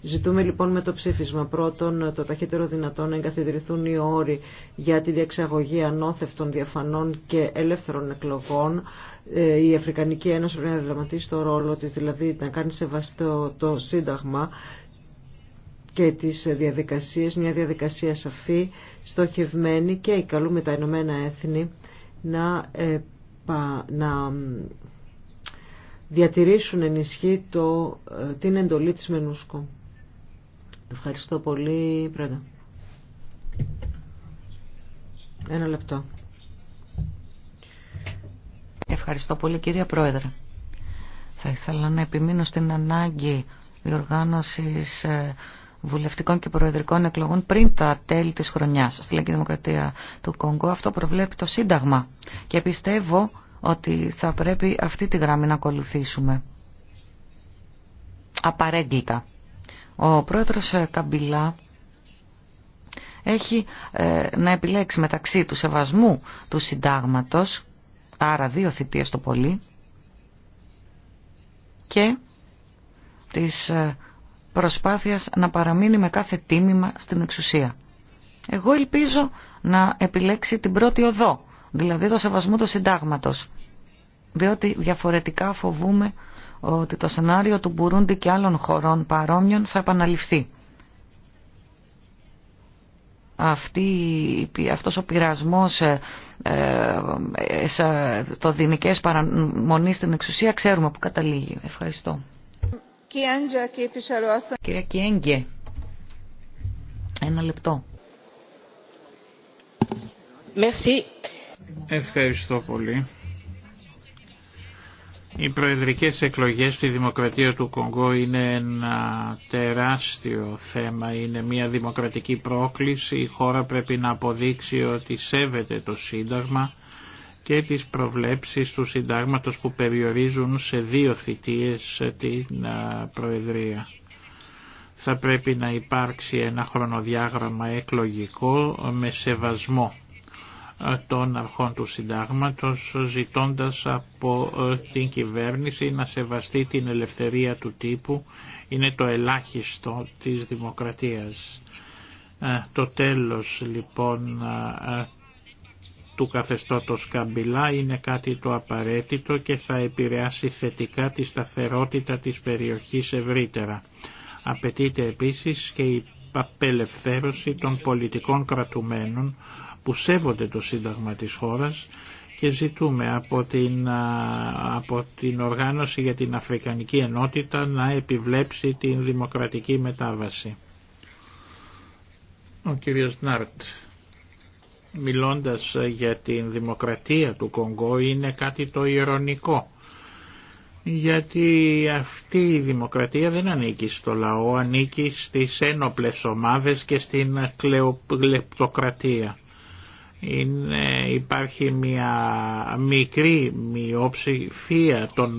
Ζητούμε λοιπόν με το ψήφισμα πρώτον το ταχύτερο δυνατόν να εγκαθιδρυθούν οι όροι για τη διαξαγωγή ανώθευτων διαφανών και ελεύθερων εκλογών ε, η Αφρικανική Ένωση πρέπει να δραματίσει το ρόλο της, δηλαδή να κάνει σεβαστό το Σύνταγμα και τις διαδικασίες, μια διαδικασία σαφή, στοχευμένη και καλούμε τα Ηνωμένα Έθνη να, να διατηρήσουν ενισχύ το, ε, την εντολή της Μενούσκο. Ευχαριστώ πολύ, Πρέντα. Ένα λεπτό. Ευχαριστώ πολύ κυρία Πρόεδρε. Θα ήθελα να επιμείνω στην ανάγκη διοργάνωσης ε, βουλευτικών και προεδρικών εκλογών πριν τα τέλη της χρονιάς στη Λαϊκή Δημοκρατία του Κονγκό. Αυτό προβλέπει το Σύνταγμα και πιστεύω ότι θα πρέπει αυτή τη γραμμή να ακολουθήσουμε. Απαρέγκλητα. Ο πρόεδρος ε, Καμπιλά έχει ε, να επιλέξει μεταξύ του σεβασμού του συντάγματος άρα δύο θητείες το πολύ, και της ε, προσπάθειας να παραμείνει με κάθε τίμημα στην εξουσία. Εγώ ελπίζω να επιλέξει την πρώτη οδό, δηλαδή το σεβασμό του συντάγματος, διότι διαφορετικά φοβούμε ότι το σενάριο του Μπουρούντι και άλλων χωρών παρόμοιων θα επαναληφθεί αυτή, αυτός ο πειρασμός ε, ε, το δινικές παραμονή στην εξουσία ξέρουμε που καταλήγει. Ευχαριστώ. Κυρία Κιέγγε, ένα λεπτό. Ευχαριστώ πολύ. Οι προεδρικές εκλογές στη Δημοκρατία του Κονγκό είναι ένα τεράστιο θέμα, είναι μια δημοκρατική πρόκληση. Η χώρα πρέπει να αποδείξει ότι σέβεται το Σύνταγμα και τις προβλέψεις του Συντάγματος που περιορίζουν σε δύο θητείες την Προεδρία. Θα πρέπει να υπάρξει ένα χρονοδιάγραμμα εκλογικό με σεβασμό των αρχών του συντάγματος ζητώντας από ε, την κυβέρνηση να σεβαστεί την ελευθερία του τύπου είναι το ελάχιστο της δημοκρατίας. Ε, το τέλος λοιπόν ε, του καθεστώτος Καμπυλά είναι κάτι το απαραίτητο και θα επηρεάσει θετικά τη σταθερότητα της περιοχής ευρύτερα. Απαιτείται επίσης και η απελευθέρωση των πολιτικών κρατουμένων που σέβονται το Σύνταγμα της χώρας και ζητούμε από την, από την Οργάνωση για την Αφρικανική Ενότητα να επιβλέψει την δημοκρατική μετάβαση. Ο κύριος Νάρτ, μιλώντας για την δημοκρατία του Κονγκό, είναι κάτι το ηρωνικό γιατί αυτή η δημοκρατία δεν ανήκει στο λαό, ανήκει στις ένοπλες ομάδες και στην κλεοπλεπτοκρατία είναι, υπάρχει μια μικρή μειοψηφία των,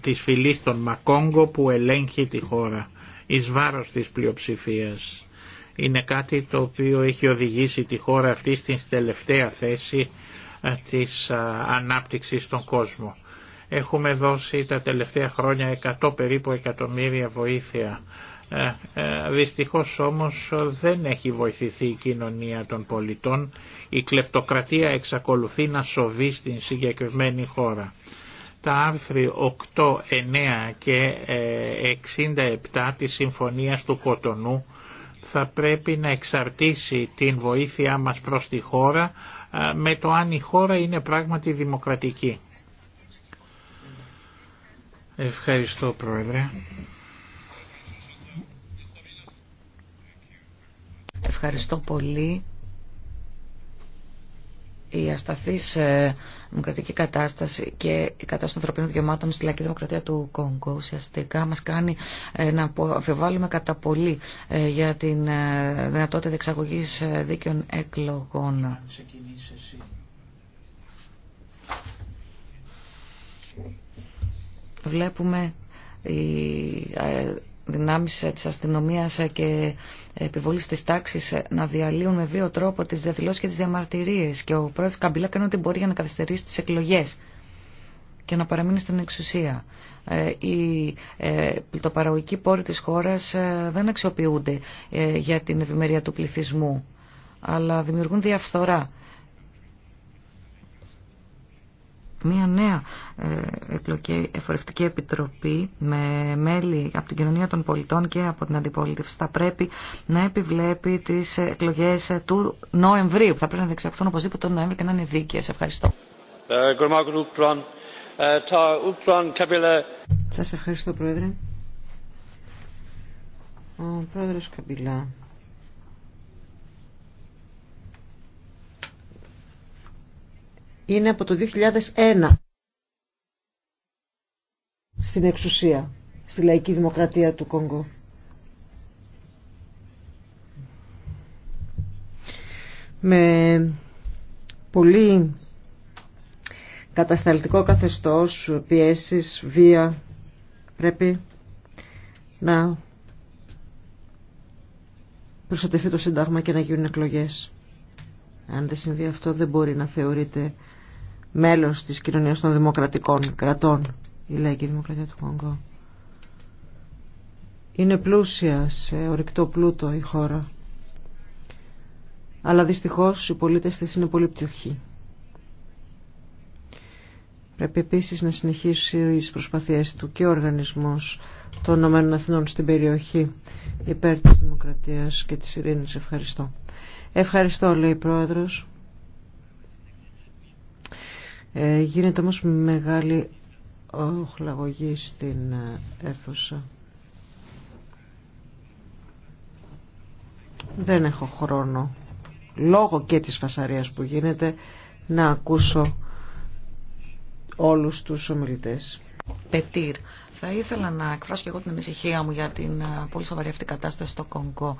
της φυλής των Μακόγκο που ελέγχει τη χώρα εις βάρος της πλειοψηφίας. Είναι κάτι το οποίο έχει οδηγήσει τη χώρα αυτή στην τελευταία θέση της ανάπτυξης στον κόσμο. Έχουμε δώσει τα τελευταία χρόνια 100 περίπου εκατομμύρια βοήθεια ε, ε, δυστυχώς όμως δεν έχει βοηθηθεί η κοινωνία των πολιτών. Η κλεπτοκρατία εξακολουθεί να σοβεί στην συγκεκριμένη χώρα. Τα άρθρα 8, 9 και 67 ε, της Συμφωνίας του Κοτονού θα πρέπει να εξαρτήσει την βοήθειά μας προς τη χώρα με το αν η χώρα είναι πράγματι δημοκρατική. Ευχαριστώ Πρόεδρε. Ευχαριστώ πολύ. Η ασταθής ε, δημοκρατική κατάσταση και η κατάσταση των ανθρωπίνων δικαιωμάτων στη λαϊκή δημοκρατία του Κόγκο ουσιαστικά μας κάνει ε, να αφιβάλλουμε κατά πολύ ε, για την δυνατότητα διεξαγωγής δίκαιων εκλογών. Βλέπουμε η δυνάμεις της αστυνομίας και επιβολής της τάξης να διαλύουν με βίο τρόπο τις διαδηλώσεις και τις διαμαρτυρίες και ο πρόεδρος Καμπίλα κάνει ό,τι μπορεί για να καθυστερήσει τις εκλογές και να παραμείνει στην εξουσία. Οι ε, ε, πλητοπαραγωγικοί πόροι της χώρας ε, δεν αξιοποιούνται για την ευημερία του πληθυσμού αλλά δημιουργούν διαφθορά μια νέα ε, εκλογική εφορευτική επιτροπή με μέλη από την κοινωνία των πολιτών και από την αντιπολίτευση θα πρέπει να επιβλέπει τις εκλογές του Νοεμβρίου που θα πρέπει να διεξαχθούν οπωσδήποτε τον Νοέμβριο και να είναι δίκαιες. Ευχαριστώ. Σας ευχαριστώ Πρόεδρε. Πρόεδρος είναι από το 2001 στην εξουσία, στη λαϊκή δημοκρατία του Κόγκο. Με πολύ κατασταλτικό καθεστώς, πιέσεις, βία, πρέπει να προστατευτεί το Σύνταγμα και να γίνουν εκλογές. Αν δεν συμβεί αυτό δεν μπορεί να θεωρείται μέλος της κοινωνίας των δημοκρατικών κρατών, η λαϊκή δημοκρατία του Κονγκό. Είναι πλούσια σε ορυκτό πλούτο η χώρα. Αλλά δυστυχώς οι πολίτες της είναι πολύ πτυχοί. Πρέπει επίσης να συνεχίσει τις προσπαθίες του και ο οργανισμός των Αθηνών στην περιοχή υπέρ της δημοκρατίας και της ειρήνης. Ευχαριστώ. Ευχαριστώ λέει η Πρόεδρος. Ε, γίνεται όμως μεγάλη οχλαγωγή στην ε, αίθουσα. Δεν έχω χρόνο, λόγω και της φασαρίας που γίνεται, να ακούσω όλους τους ομιλητές. Πετήρ, θα ήθελα να εκφράσω και εγώ την ανησυχία μου για την ε, πολύ σοβαρή αυτή κατάσταση στο Κονγκό.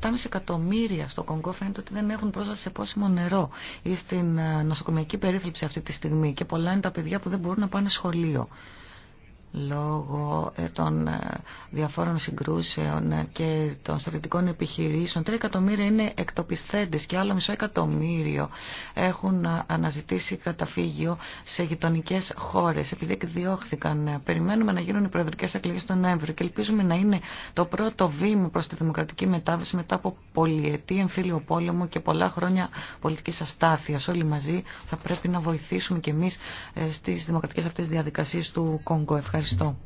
7,5 εκατομμύρια στο Κονγκό φαίνεται ότι δεν έχουν πρόσβαση σε πόσιμο νερό ή στην ε, νοσοκομιακή περίθλιψη αυτή τη στιγμή και πολλά είναι τα παιδιά που δεν μπορούν να πάνε σχολείο λόγω ε, των ε, διαφόρων συγκρούσεων ε, και των στρατητικών επιχειρήσεων. Τρία εκατομμύρια είναι εκτοπισθέντες και άλλο μισό εκατομμύριο έχουν αναζητήσει καταφύγιο σε γειτονικέ χώρες επειδή εκδιώχθηκαν. Περιμένουμε να γίνουν οι προεδρικές εκλογές τον Νοέμβριο και ελπίζουμε να είναι το πρώτο βήμα προς τη δημοκρατική μετάβαση μετά από πολυετή εμφύλιο πόλεμο και πολλά χρόνια πολιτικής αστάθειας. Όλοι μαζί θα πρέπει να βοηθήσουμε κι εμείς στις δημοκρατικές αυτές διαδικασίες του Κόγκο. Ευχαριστώ.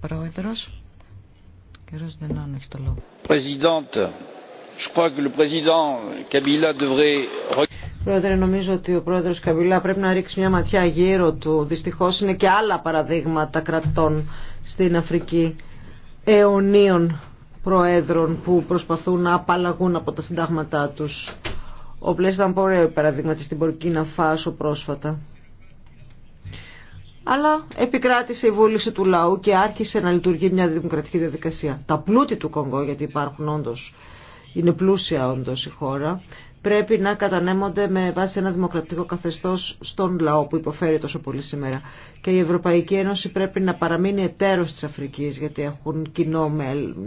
Πρόεδρος, κύριος έχει Πρόεδρε, νομίζω ότι ο πρόεδρος Καμπιλά πρέπει να ρίξει μια ματιά γύρω του. Δυστυχώς είναι και άλλα παραδείγματα κρατών στην Αφρική αιωνίων προέδρων που προσπαθούν να απαλλαγούν από τα συντάγματά τους. Ο Πλέσταν Πορέ, παραδείγματι, στην Πορκίνα Φάσο πρόσφατα αλλά επικράτησε η βούληση του λαού και άρχισε να λειτουργεί μια δημοκρατική διαδικασία. Τα πλούτη του Κονγκό, γιατί υπάρχουν όντω, είναι πλούσια όντω η χώρα, πρέπει να κατανέμονται με βάση ένα δημοκρατικό καθεστώ στον λαό που υποφέρει τόσο πολύ σήμερα. Και η Ευρωπαϊκή Ένωση πρέπει να παραμείνει εταίρο τη Αφρική γιατί έχουν κοινό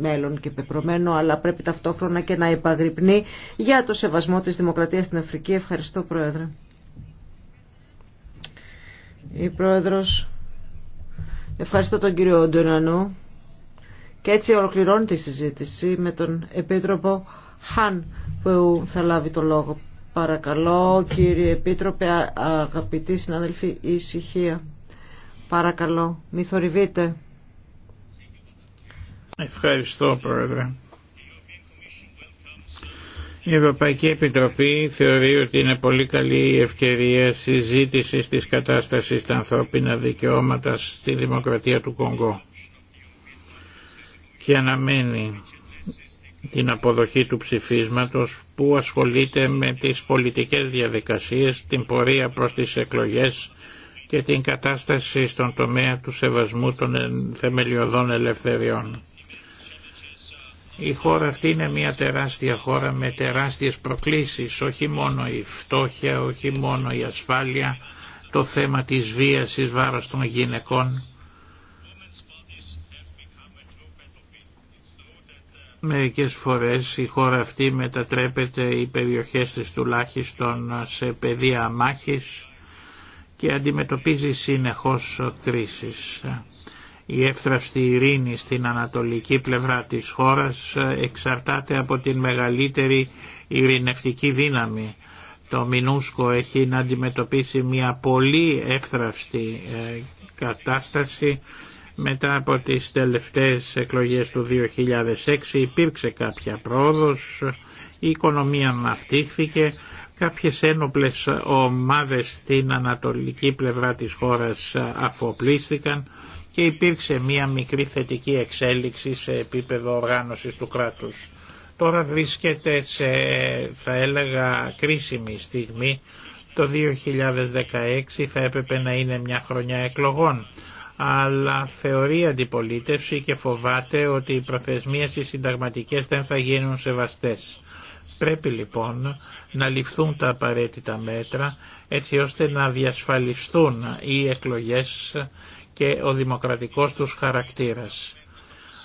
μέλλον και πεπρωμένο, αλλά πρέπει ταυτόχρονα και να επαγρυπνεί για το σεβασμό τη Δημοκρατία στην Αφρική. Ευχαριστώ, Πρόεδρε η Πρόεδρος. Ευχαριστώ τον κύριο Ντονανού. Και έτσι ολοκληρώνεται η συζήτηση με τον Επίτροπο Χαν που θα λάβει το λόγο. Παρακαλώ κύριε Επίτροπε, αγαπητοί συνάδελφοι, ησυχία. Παρακαλώ, μη θορυβείτε. Ευχαριστώ Πρόεδρε. Η Ευρωπαϊκή Επιτροπή θεωρεί ότι είναι πολύ καλή η ευκαιρία συζήτησης της κατάστασης στα ανθρώπινα δικαιώματα στη Δημοκρατία του Κονγκό και αναμένει την αποδοχή του ψηφίσματος που ασχολείται με τις πολιτικές διαδικασίες, την πορεία προς τις εκλογές και την κατάσταση στον τομέα του σεβασμού των θεμελιωδών ελευθεριών. Η χώρα αυτή είναι μια τεράστια χώρα με τεράστιες προκλήσεις, όχι μόνο η φτώχεια, όχι μόνο η ασφάλεια, το θέμα της βίας εις βάρος των γυναικών. Μερικές φορές η χώρα αυτή μετατρέπεται οι περιοχές της τουλάχιστον σε πεδία μάχης και αντιμετωπίζει συνεχώς κρίσεις. Η εύθραυστη ειρήνη στην ανατολική πλευρά της χώρας ε, εξαρτάται από την μεγαλύτερη ειρηνευτική δύναμη. Το Μινούσκο έχει να αντιμετωπίσει μια πολύ εύθραυστη ε, κατάσταση μετά από τις τελευταίες εκλογές του 2006 υπήρξε κάποια πρόοδος, η οικονομία αναπτύχθηκε, κάποιες ένοπλες ομάδες στην ανατολική πλευρά της χώρας ε, αφοπλίστηκαν και υπήρξε μία μικρή θετική εξέλιξη σε επίπεδο οργάνωσης του κράτους. Τώρα βρίσκεται σε, θα έλεγα, κρίσιμη στιγμή. Το 2016 θα έπρεπε να είναι μια χρονιά εκλογών, αλλά θεωρεί αντιπολίτευση και φοβάται ότι οι προθεσμίες οι συνταγματικές δεν θα γίνουν σεβαστές. Πρέπει λοιπόν να ληφθούν τα απαραίτητα μέτρα έτσι ώστε να διασφαλιστούν οι εκλογές και ο δημοκρατικός τους χαρακτήρας.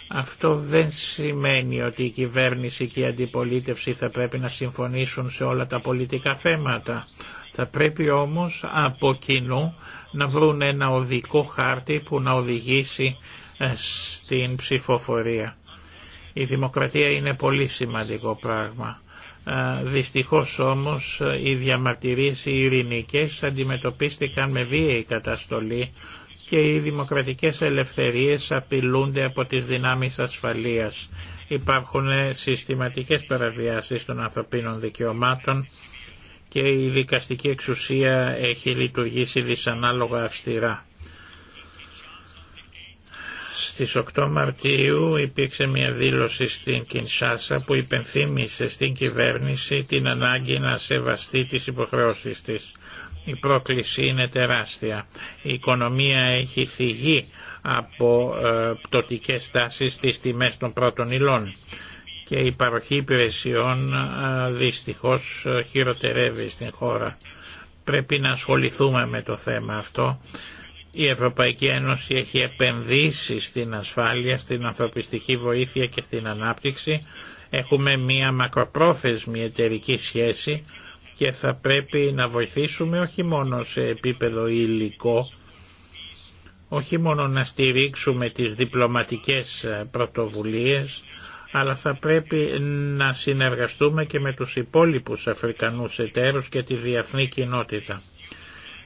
Αυτό δεν σημαίνει ότι η κυβέρνηση και η αντιπολίτευση θα πρέπει να συμφωνήσουν σε όλα τα πολιτικά θέματα. Θα πρέπει όμως από κοινού να βρουν ένα οδικό χάρτη που να οδηγήσει ε, στην ψηφοφορία. Η δημοκρατία είναι πολύ σημαντικό πράγμα. Ε, δυστυχώς όμως ε, οι διαμαρτυρίες οι ειρηνικές αντιμετωπίστηκαν με βίαιη καταστολή και οι δημοκρατικές ελευθερίες απειλούνται από τις δυνάμεις ασφαλείας. Υπάρχουν ε, συστηματικές παραβιάσεις των ανθρωπίνων δικαιωμάτων και η δικαστική εξουσία έχει λειτουργήσει δυσανάλογα αυστηρά. Στις 8 Μαρτίου υπήρξε μια δήλωση στην Κινσάσα που υπενθύμησε στην κυβέρνηση την ανάγκη να σεβαστεί τις υποχρεώσεις της. Η πρόκληση είναι τεράστια. Η οικονομία έχει θυγεί από ε, πτωτικές τάσεις στις τιμές των πρώτων υλών και η παροχή υπηρεσιών ε, δυστυχώς ε, χειροτερεύει στην χώρα. Πρέπει να ασχοληθούμε με το θέμα αυτό. Η Ευρωπαϊκή Ένωση έχει επενδύσει στην ασφάλεια, στην ανθρωπιστική βοήθεια και στην ανάπτυξη. Έχουμε μία μακροπρόθεσμη εταιρική σχέση και θα πρέπει να βοηθήσουμε όχι μόνο σε επίπεδο υλικό, όχι μόνο να στηρίξουμε τις διπλωματικές ε, πρωτοβουλίες, αλλά θα πρέπει να συνεργαστούμε και με τους υπόλοιπους Αφρικανούς εταίρους και τη διεθνή κοινότητα.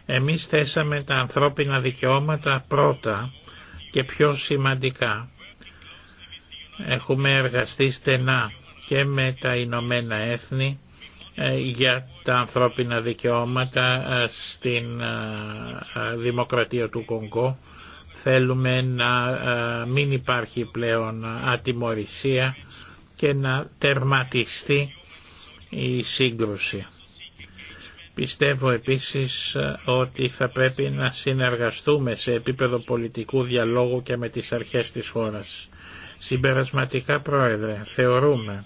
Εμείς θέσαμε τα ανθρώπινα δικαιώματα πρώτα και πιο σημαντικά. Έχουμε εργαστεί στενά και με τα Ηνωμένα Έθνη ε, για τα ανθρώπινα δικαιώματα ε, στην ε, δημοκρατία του Κονγκό. Θέλουμε να μην υπάρχει πλέον ατιμορρησία και να τερματιστεί η σύγκρουση. Πιστεύω επίσης ότι θα πρέπει να συνεργαστούμε σε επίπεδο πολιτικού διαλόγου και με τις αρχές της χώρας. Συμπερασματικά, Πρόεδρε, θεωρούμε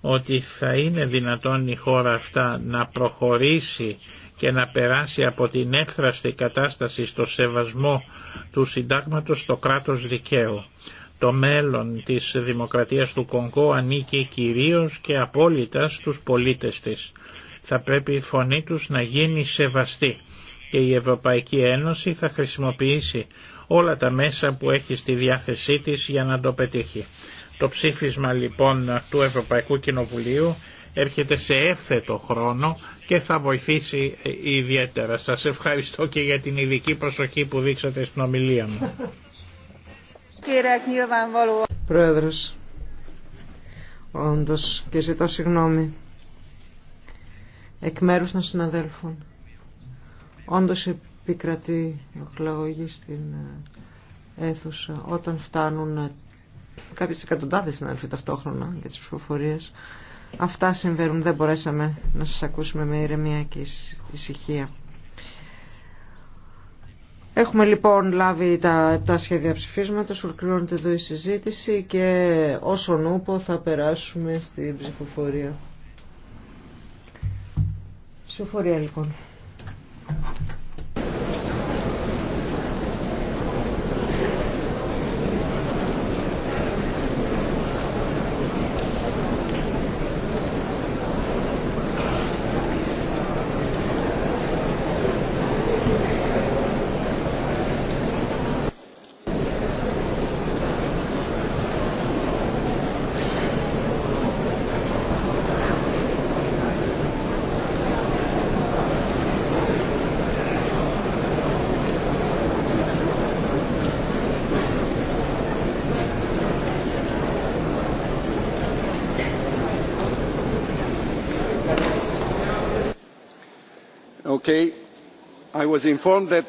ότι θα είναι δυνατόν η χώρα αυτά να προχωρήσει και να περάσει από την έκθραστη κατάσταση στο σεβασμό του συντάγματος στο κράτος δικαίου. Το μέλλον της δημοκρατίας του Κονγκό ανήκει κυρίως και απόλυτα στους πολίτες της. Θα πρέπει η φωνή τους να γίνει σεβαστή και η Ευρωπαϊκή Ένωση θα χρησιμοποιήσει όλα τα μέσα που έχει στη διάθεσή της για να το πετύχει. Το ψήφισμα λοιπόν του Ευρωπαϊκού Κοινοβουλίου έρχεται σε εύθετο χρόνο και θα βοηθήσει ε, ιδιαίτερα. Σας ευχαριστώ και για την ειδική προσοχή που δείξατε στην ομιλία μου. Πρόεδρος, όντως και ζητώ συγγνώμη εκ μέρους των συναδέλφων. Όντως επικρατεί ο στην ε, αίθουσα όταν φτάνουν κάποιες εκατοντάδες συνάδελφοι ταυτόχρονα για τις ψηφοφορίες. Αυτά συμβαίνουν, δεν μπορέσαμε να σας ακούσουμε με ηρεμία και ησυχία. Έχουμε λοιπόν λάβει τα, τα σχέδια ψηφίσματος, ολοκληρώνεται εδώ η συζήτηση και όσον νούπο θα περάσουμε στην ψηφοφορία. Ψηφοφορία λοιπόν. okay. I was informed that